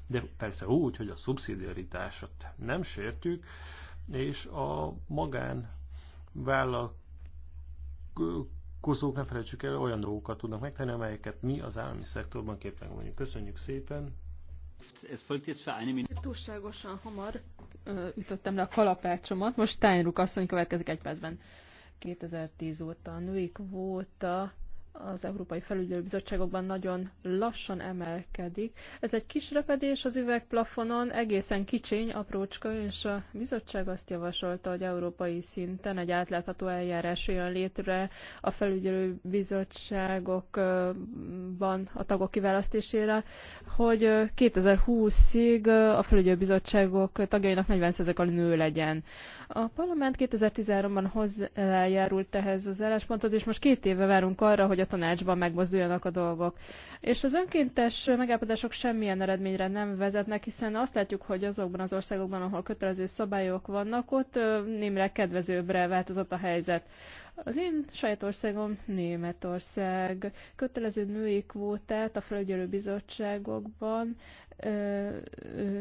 [SPEAKER 4] de persze úgy, hogy a szubszidiaritást nem sértjük, és a magán vállalkozók, ne felejtsük el, olyan dolgokat tudnak megtenni, amelyeket mi az állami szektorban képtelenek mondjuk. Köszönjük szépen!
[SPEAKER 1] ez
[SPEAKER 3] Túlságosan hamar ütöttem le a kalapácsomat, most Tányruk asszony következik egy percben. 2010 óta a női kvóta az Európai Felügyelőbizottságokban nagyon lassan emelkedik. Ez egy kis repedés az üvegplafonon, egészen kicsiny, aprócska, és a bizottság azt javasolta, hogy európai szinten egy átlátható eljárás jön létre a felügyelőbizottságokban a tagok kiválasztésére, hogy 2020-ig a felügyelőbizottságok tagjainak 40%-a nő legyen. A parlament 2013-ban hozzájárult ehhez az álláspontot, és most két éve várunk arra, hogy a tanácsban megmozduljanak a dolgok. És az önkéntes megállapodások semmilyen eredményre nem vezetnek, hiszen azt látjuk, hogy azokban az országokban, ahol kötelező szabályok vannak, ott némre kedvezőbbre változott a helyzet. Az én saját országom Németország kötelező női kvótát a felügyelőbizottságokban ö, ö,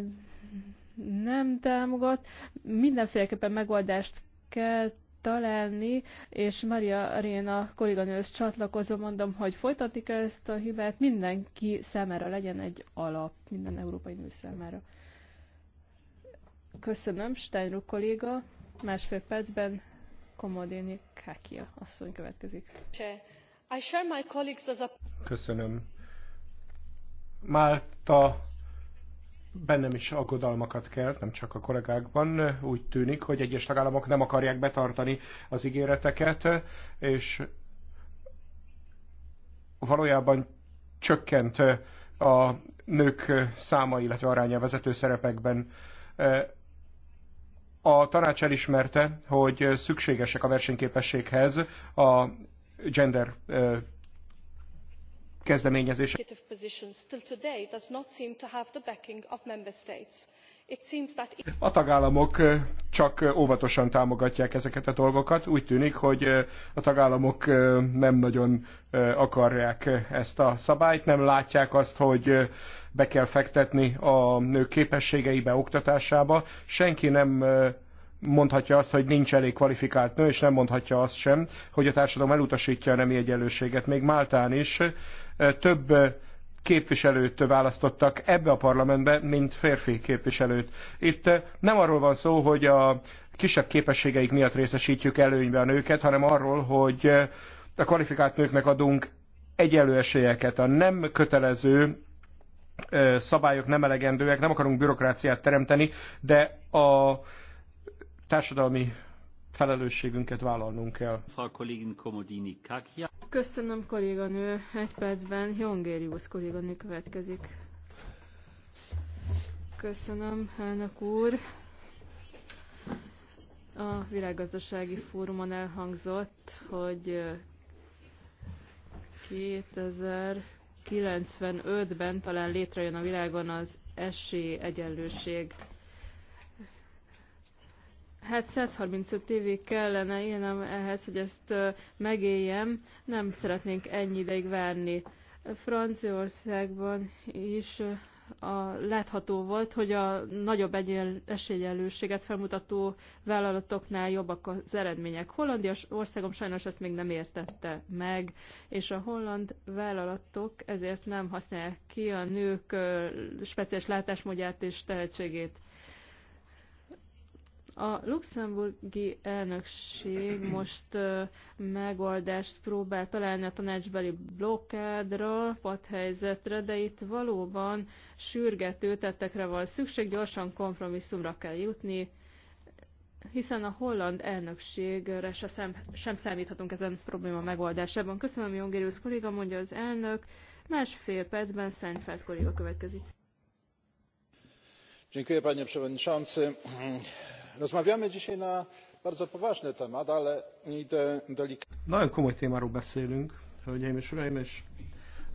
[SPEAKER 3] nem támogat. Mindenféleképpen megoldást kell találni, és Maria Arena kolléganőhöz csatlakozom, mondom, hogy folytatni kell ezt a hibát, mindenki számára legyen egy alap, minden európai nő számára. Köszönöm, Steinruck kolléga, másfél percben Komodéni Kákia asszony következik.
[SPEAKER 2] Köszönöm. Málta bennem is aggodalmakat kelt, nem csak a kollégákban. Úgy tűnik, hogy egyes tagállamok nem akarják betartani az ígéreteket, és valójában csökkent a nők száma, illetve aránya vezető szerepekben. A tanács elismerte, hogy szükségesek a versenyképességhez a gender kezdeményezések. A tagállamok csak óvatosan támogatják ezeket a dolgokat. Úgy tűnik, hogy a tagállamok nem nagyon akarják ezt a szabályt, nem látják azt, hogy be kell fektetni a nők képességeibe, oktatásába. Senki nem mondhatja azt, hogy nincs elég kvalifikált nő, és nem mondhatja azt sem, hogy a társadalom elutasítja a nemi egyenlőséget. Még Máltán is több képviselőt választottak ebbe a parlamentbe, mint férfi képviselőt. Itt nem arról van szó, hogy a kisebb képességeik miatt részesítjük előnybe a nőket, hanem arról, hogy a kvalifikált nőknek adunk egyenlő esélyeket. A nem kötelező szabályok nem elegendőek, nem akarunk bürokráciát teremteni, de a társadalmi felelősségünket vállalnunk kell.
[SPEAKER 3] Köszönöm kolléganő, egy percben Jongérius kolléganő következik. Köszönöm, elnök úr. A világgazdasági fórumon elhangzott, hogy 2095-ben talán létrejön a világon az esélyegyenlőség. egyenlőség Hát 135 évig kellene élnem ehhez, hogy ezt megéljem. Nem szeretnénk ennyi ideig várni. Franciaországban is a, látható volt, hogy a nagyobb egyel, esélyelőséget felmutató vállalatoknál jobbak az eredmények. Hollandia országom sajnos ezt még nem értette meg, és a holland vállalatok ezért nem használják ki a nők speciális látásmódját és tehetségét. A luxemburgi elnökség most megoldást próbál találni a tanácsbeli blokkádra, padhelyzetre, de itt valóban sürgető tettekre van szükség, gyorsan kompromisszumra kell jutni, hiszen a holland elnökségre se szem, sem számíthatunk ezen probléma megoldásában. Köszönöm, Jongérius kolléga, mondja az elnök. Másfél percben Szentfeld kolléga következik.
[SPEAKER 1] Dziękuję, panie przewodniczący rozmawiamy dzisiaj na bardzo poważny temat, ale delikatny.
[SPEAKER 2] Nagyon komoly témáról beszélünk, hölgyeim és uraim, és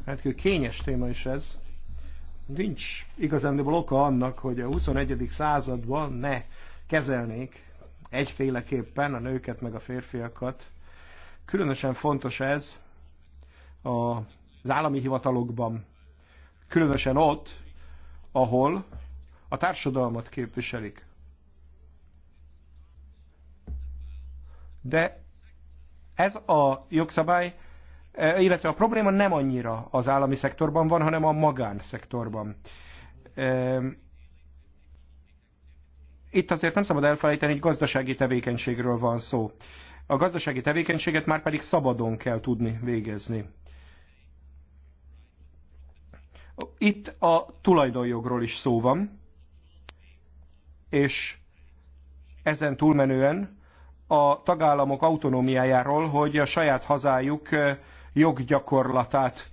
[SPEAKER 2] rendkívül kényes téma is ez. Nincs igazándiból oka annak, hogy a 21. században ne kezelnék egyféleképpen a nőket meg a férfiakat. Különösen fontos ez az állami hivatalokban, különösen ott, ahol a társadalmat képviselik. De ez a jogszabály, e, illetve a probléma nem annyira az állami szektorban van, hanem a magánszektorban. E, itt azért nem szabad elfelejteni, hogy gazdasági tevékenységről van szó. A gazdasági tevékenységet már pedig szabadon kell tudni végezni. Itt a tulajdonjogról is szó van, és ezen túlmenően a tagállamok autonómiájáról, hogy a saját hazájuk joggyakorlatát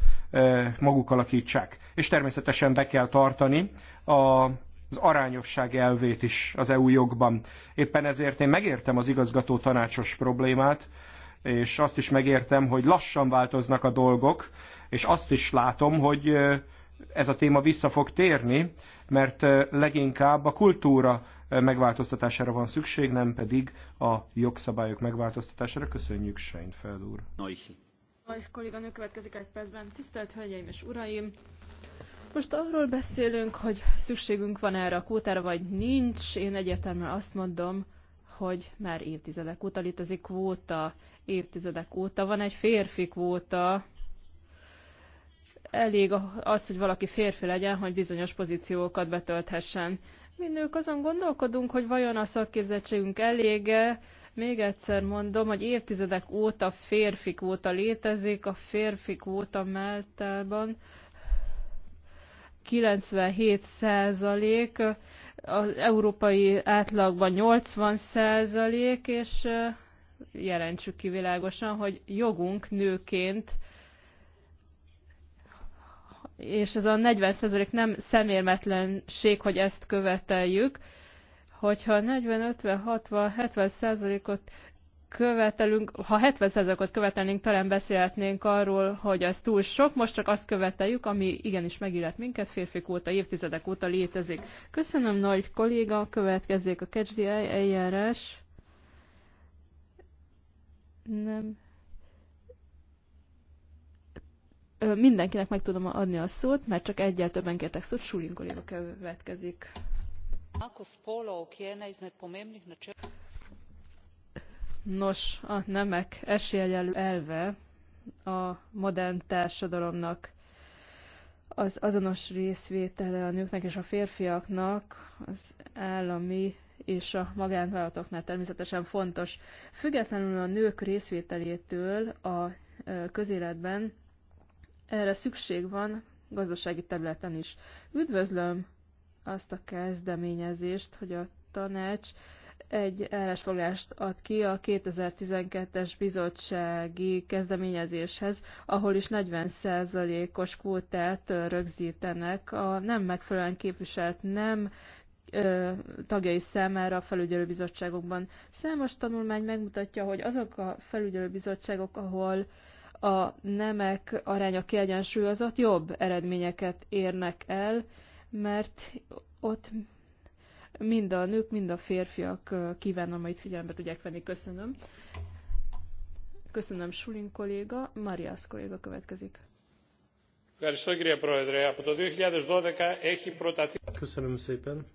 [SPEAKER 2] maguk alakítsák. És természetesen be kell tartani a az arányosság elvét is az EU jogban. Éppen ezért én megértem az igazgató tanácsos problémát, és azt is megértem, hogy lassan változnak a dolgok, és azt is látom, hogy ez a téma vissza fog térni, mert leginkább a kultúra megváltoztatására van szükség, nem pedig a jogszabályok megváltoztatására. Köszönjük, Seinfeld úr. Nagy
[SPEAKER 3] kolléganő következik egy percben. Tisztelt Hölgyeim és Uraim! Most arról beszélünk, hogy szükségünk van erre a kvótára, vagy nincs. Én egyértelműen azt mondom, hogy már évtizedek óta létezik kvóta, évtizedek óta van egy férfi kvóta, elég az, hogy valaki férfi legyen, hogy bizonyos pozíciókat betölthessen. Mi nők azon gondolkodunk, hogy vajon a szakképzettségünk elége, még egyszer mondom, hogy évtizedek óta férfik óta létezik, a férfik óta melltában 97 százalék, az európai átlagban 80 százalék, és jelentsük ki világosan, hogy jogunk nőként és ez a 40% százalék nem szemérmetlenség, hogy ezt követeljük, hogyha 40, 50, 60, 70 százalékot követelünk, ha 70 százalékot követelnénk, talán beszélhetnénk arról, hogy ez túl sok, most csak azt követeljük, ami igenis megillet minket, férfik óta, évtizedek óta létezik. Köszönöm, nagy kolléga, következzék a Catch the Eye eljárás. Nem mindenkinek meg tudom adni a szót, mert csak egyel többen kértek szót, Sulin következik. Nos, a nemek esélyegyelő elve a modern társadalomnak az azonos részvétele a nőknek és a férfiaknak az állami és a magánvállalatoknál természetesen fontos. Függetlenül a nők részvételétől a közéletben erre szükség van gazdasági területen is. Üdvözlöm azt a kezdeményezést, hogy a tanács egy állásfoglást ad ki a 2012-es bizottsági kezdeményezéshez, ahol is 40%-os kvótát rögzítenek a nem megfelelően képviselt nem tagjai számára a felügyelőbizottságokban. Számos tanulmány megmutatja, hogy azok a felügyelőbizottságok, ahol a nemek aránya kiegyensúlyozott, jobb eredményeket érnek el, mert ott mind a nők, mind a férfiak kívánom, hogy figyelembe tudják venni. Köszönöm. Köszönöm Sulin kolléga, Marias kolléga következik.
[SPEAKER 4] Köszönöm szépen.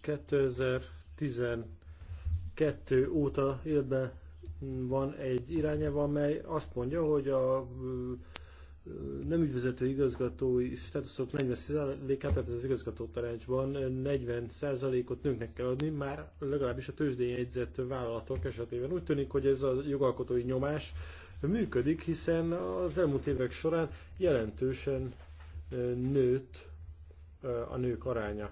[SPEAKER 4] 2012 óta jött be van egy irányelv, amely azt mondja, hogy a nem ügyvezető igazgatói státuszok 40%-át, tehát az igazgató tanácsban 40%-ot nőknek kell adni, már legalábbis a tőzsdén jegyzett vállalatok esetében. Úgy tűnik, hogy ez a jogalkotói nyomás működik, hiszen az elmúlt évek során jelentősen nőtt a nők aránya.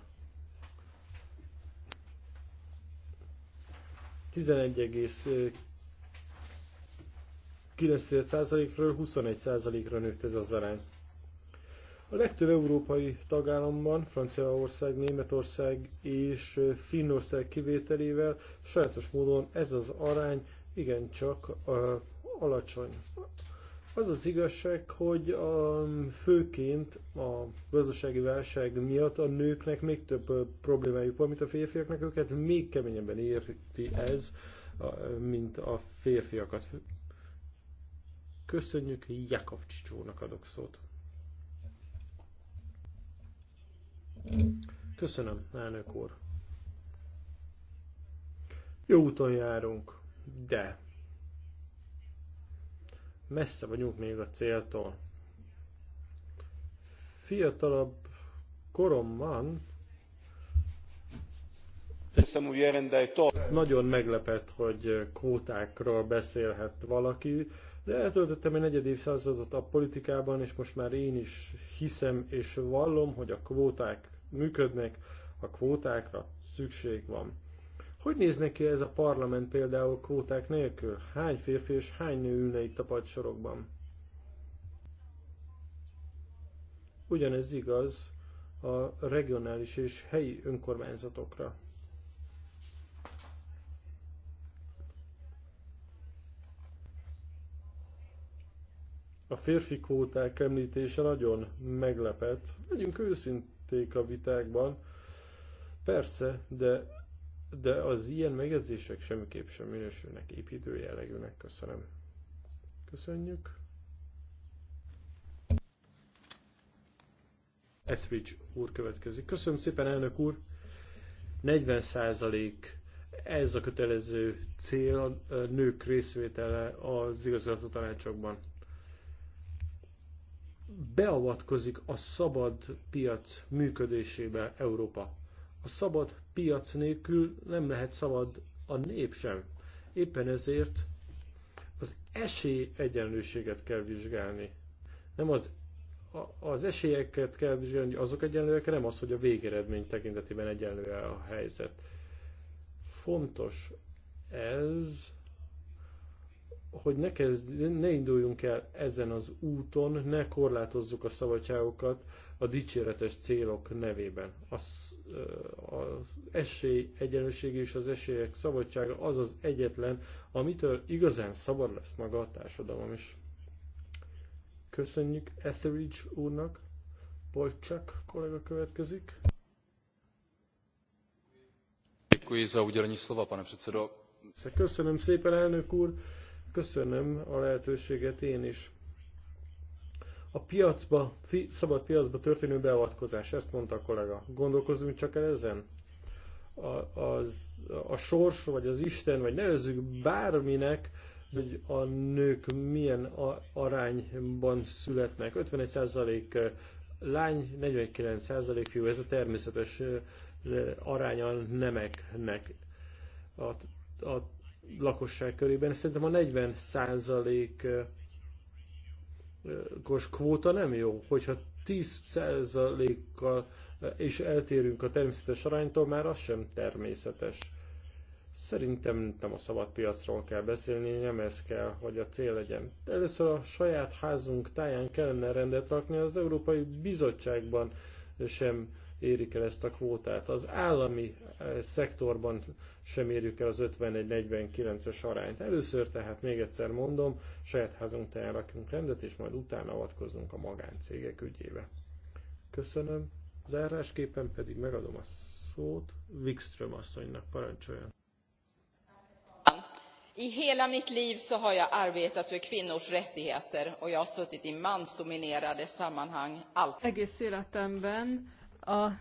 [SPEAKER 4] 9%-ről 21%-ra nőtt ez az arány. A legtöbb európai tagállamban, Franciaország, Németország és Finnország kivételével sajátos módon ez az arány igencsak uh, alacsony. Az az igazság, hogy a, főként a gazdasági válság miatt a nőknek még több problémájuk van, mint a férfiaknak, őket még keményebben érti ez, mint a férfiakat. Köszönjük, Jakab Csicsónak adok szót. Köszönöm, elnök úr. Jó úton járunk, de messze vagyunk még a céltól. Fiatalabb koromban nagyon meglepett, hogy kvótákról beszélhet valaki, de eltöltöttem egy negyed évszázadot a politikában, és most már én is hiszem és vallom, hogy a kvóták működnek, a kvótákra szükség van. Hogy néznek ki ez a parlament például kvóták nélkül? Hány férfi és hány nő ülne itt a padsorokban? Ugyanez igaz a regionális és helyi önkormányzatokra. A férfi kóták említése nagyon meglepett. Legyünk őszinték a vitákban. Persze, de, de az ilyen megjegyzések semmiképp sem minősülnek építő jellegűnek. Köszönöm. Köszönjük. Etheridge úr következik. Köszönöm szépen, elnök úr! 40 százalék ez a kötelező cél a nők részvétele az igazgató tanácsokban beavatkozik a szabad piac működésébe Európa. A szabad piac nélkül nem lehet szabad a nép sem. Éppen ezért az esély egyenlőséget kell vizsgálni. Nem az, a, az esélyeket kell vizsgálni, hogy azok egyenlőek, nem az, hogy a végeredmény tekintetében egyenlő a helyzet. Fontos ez, hogy ne, kezd, ne induljunk el ezen az úton, ne korlátozzuk a szabadságokat a dicséretes célok nevében. Az, az esély, egyenlőség és az esélyek szabadsága az az egyetlen, amitől igazán szabad lesz maga a társadalom is. Köszönjük Etheridge úrnak, Polcsak kollega következik.
[SPEAKER 1] Děkuji za udělení slova, pane předsedo.
[SPEAKER 4] Köszönöm szépen, elnök úr. Köszönöm a lehetőséget én is. A piacba, fi, szabad piacba történő beavatkozás, ezt mondta a kollega. Gondolkozunk csak el ezen? A, az, a sors, vagy az Isten, vagy nevezzük bárminek, hogy a nők milyen a, arányban születnek. 51% eh, lány, 49% fiú, ez a természetes eh, aránya nemeknek. A, a lakosság körében. Szerintem a 40 százalékos kvóta nem jó, hogyha 10 százalékkal és eltérünk a természetes aránytól, már az sem természetes. Szerintem nem a szabad piacról kell beszélni, nem ez kell, hogy a cél legyen. Először a saját házunk táján kellene rendet rakni, az Európai Bizottságban sem érik el ezt a kvótát. Az állami eh, szektorban sem érjük el az 51-49-es arányt. Először tehát még egyszer mondom, saját házunk táján rakjunk rendet, és majd utána avatkozunk a magáncégek ügyébe. Köszönöm. Zárásképpen pedig megadom a szót Wikström asszonynak. Parancsoljon!
[SPEAKER 3] I hela mitt liv så har jag arbetat för kvinnors rättigheter och jag har suttit i mansdominerade sammanhang. Allt. Egész életemben a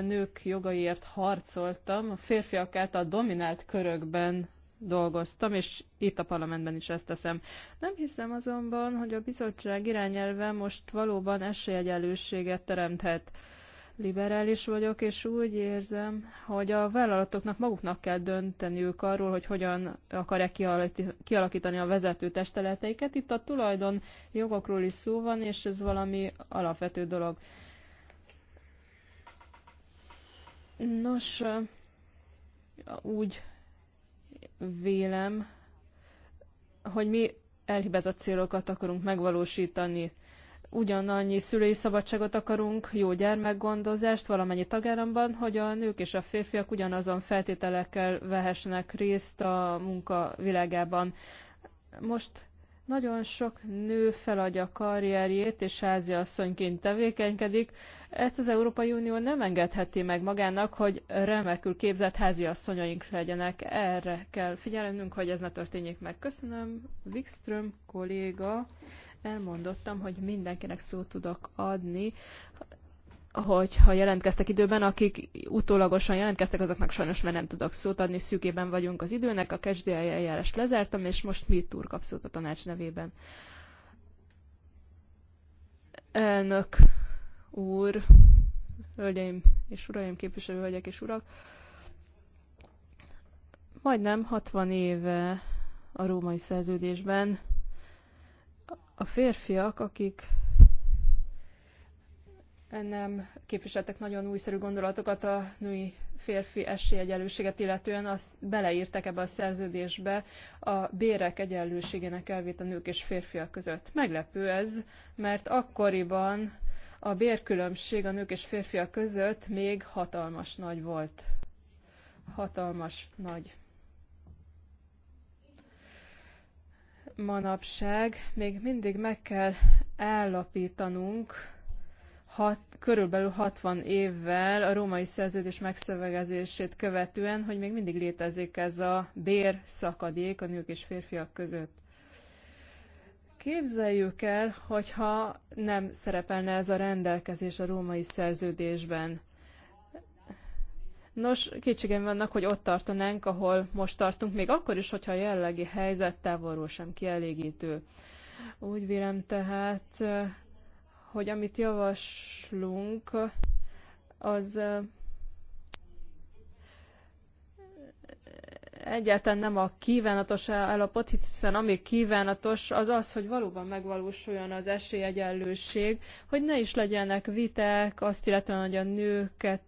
[SPEAKER 3] nők jogaiért harcoltam, a férfiak által dominált körökben dolgoztam, és itt a parlamentben is ezt teszem. Nem hiszem azonban, hogy a bizottság irányelve most valóban esélyegyenlőséget teremthet. Liberális vagyok, és úgy érzem, hogy a vállalatoknak maguknak kell dönteniük arról, hogy hogyan akarják kialakítani a vezető testeleteiket. Itt a tulajdon jogokról is szó van, és ez valami alapvető dolog. Nos, úgy vélem, hogy mi elhibázott célokat akarunk megvalósítani. Ugyanannyi szülői szabadságot akarunk, jó gyermekgondozást valamennyi tagállamban, hogy a nők és a férfiak ugyanazon feltételekkel vehessenek részt a munka világában. Most nagyon sok nő feladja karrierjét és asszonyként tevékenykedik. Ezt az Európai Unió nem engedheti meg magának, hogy remekül képzett asszonyaink legyenek. Erre kell figyelnünk, hogy ez ne történjék meg. Köszönöm, Wikström kolléga. Elmondottam, hogy mindenkinek szót tudok adni hogyha jelentkeztek időben, akik utólagosan jelentkeztek, azoknak sajnos már nem tudok szót adni, szűkében vagyunk az időnek, a KSDI eljárást lezártam, és most mi túr kap szót a tanács nevében. Elnök úr, hölgyeim és uraim, képviselő hölgyek és urak, majdnem 60 éve a római szerződésben a férfiak, akik nem képviseltek nagyon újszerű gondolatokat a női férfi esélyegyenlőséget illetően, azt beleírtak ebbe a szerződésbe a bérek egyenlőségének elvét a nők és férfiak között. Meglepő ez, mert akkoriban a bérkülönbség a nők és férfiak között még hatalmas nagy volt. Hatalmas nagy. Manapság még mindig meg kell állapítanunk, hat, körülbelül 60 évvel a római szerződés megszövegezését követően, hogy még mindig létezik ez a bér szakadék a nők és férfiak között. Képzeljük el, hogyha nem szerepelne ez a rendelkezés a római szerződésben. Nos, kétségem vannak, hogy ott tartanánk, ahol most tartunk, még akkor is, hogyha a jellegi helyzet távolról sem kielégítő. Úgy vélem tehát, hogy amit javaslunk, az egyáltalán nem a kívánatos állapot, hiszen ami kívánatos, az az, hogy valóban megvalósuljon az esélyegyenlőség, hogy ne is legyenek viták, azt illetően, hogy a nőket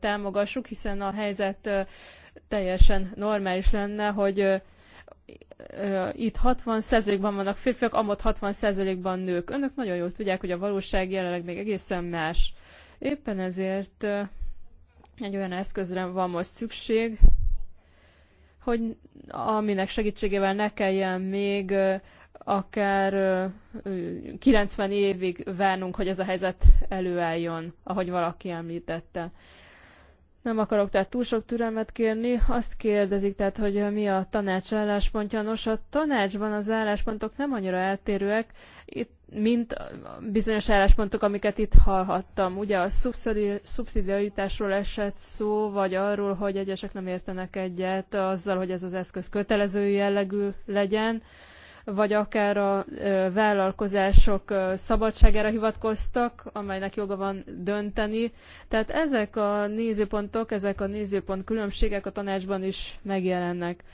[SPEAKER 3] támogassuk, hiszen a helyzet teljesen normális lenne, hogy itt 60%-ban vannak férfiak, amott 60%-ban nők. Önök nagyon jól tudják, hogy a valóság jelenleg még egészen más. Éppen ezért egy olyan eszközre van most szükség, hogy aminek segítségével ne kelljen még akár 90 évig várnunk, hogy ez a helyzet előálljon, ahogy valaki említette. Nem akarok tehát túl sok türelmet kérni. Azt kérdezik tehát, hogy mi a tanács álláspontja. Nos, a tanácsban az álláspontok nem annyira eltérőek, itt, mint bizonyos álláspontok, amiket itt hallhattam. Ugye a szubszidiaritásról esett szó, vagy arról, hogy egyesek nem értenek egyet azzal, hogy ez az eszköz kötelező jellegű legyen. Uh, vagy akár a vállalkozások szabadságára hivatkoztak, amelynek joga van dönteni. Tehát ezek a nézőpontok, ezek a nézőpont különbségek a tanácsban is megjelennek.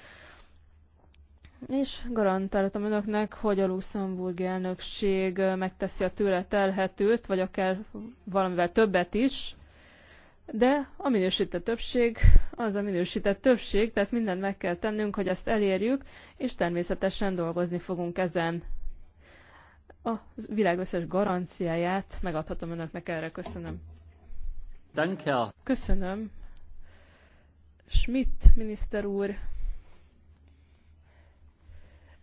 [SPEAKER 3] És garantáltam önöknek, hogy a luxemburgi elnökség megteszi a tőle telhetőt, vagy akár valamivel többet is, de a minősített többség az a minősített többség, tehát mindent meg kell tennünk, hogy ezt elérjük, és természetesen dolgozni fogunk ezen. A világ összes garanciáját megadhatom önöknek erre, köszönöm. Danke. Köszönöm. Schmidt miniszter úr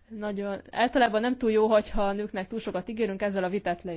[SPEAKER 3] nagyon, általában nem túl jó, hogyha a nőknek túl sokat ígérünk, ezzel a vitát le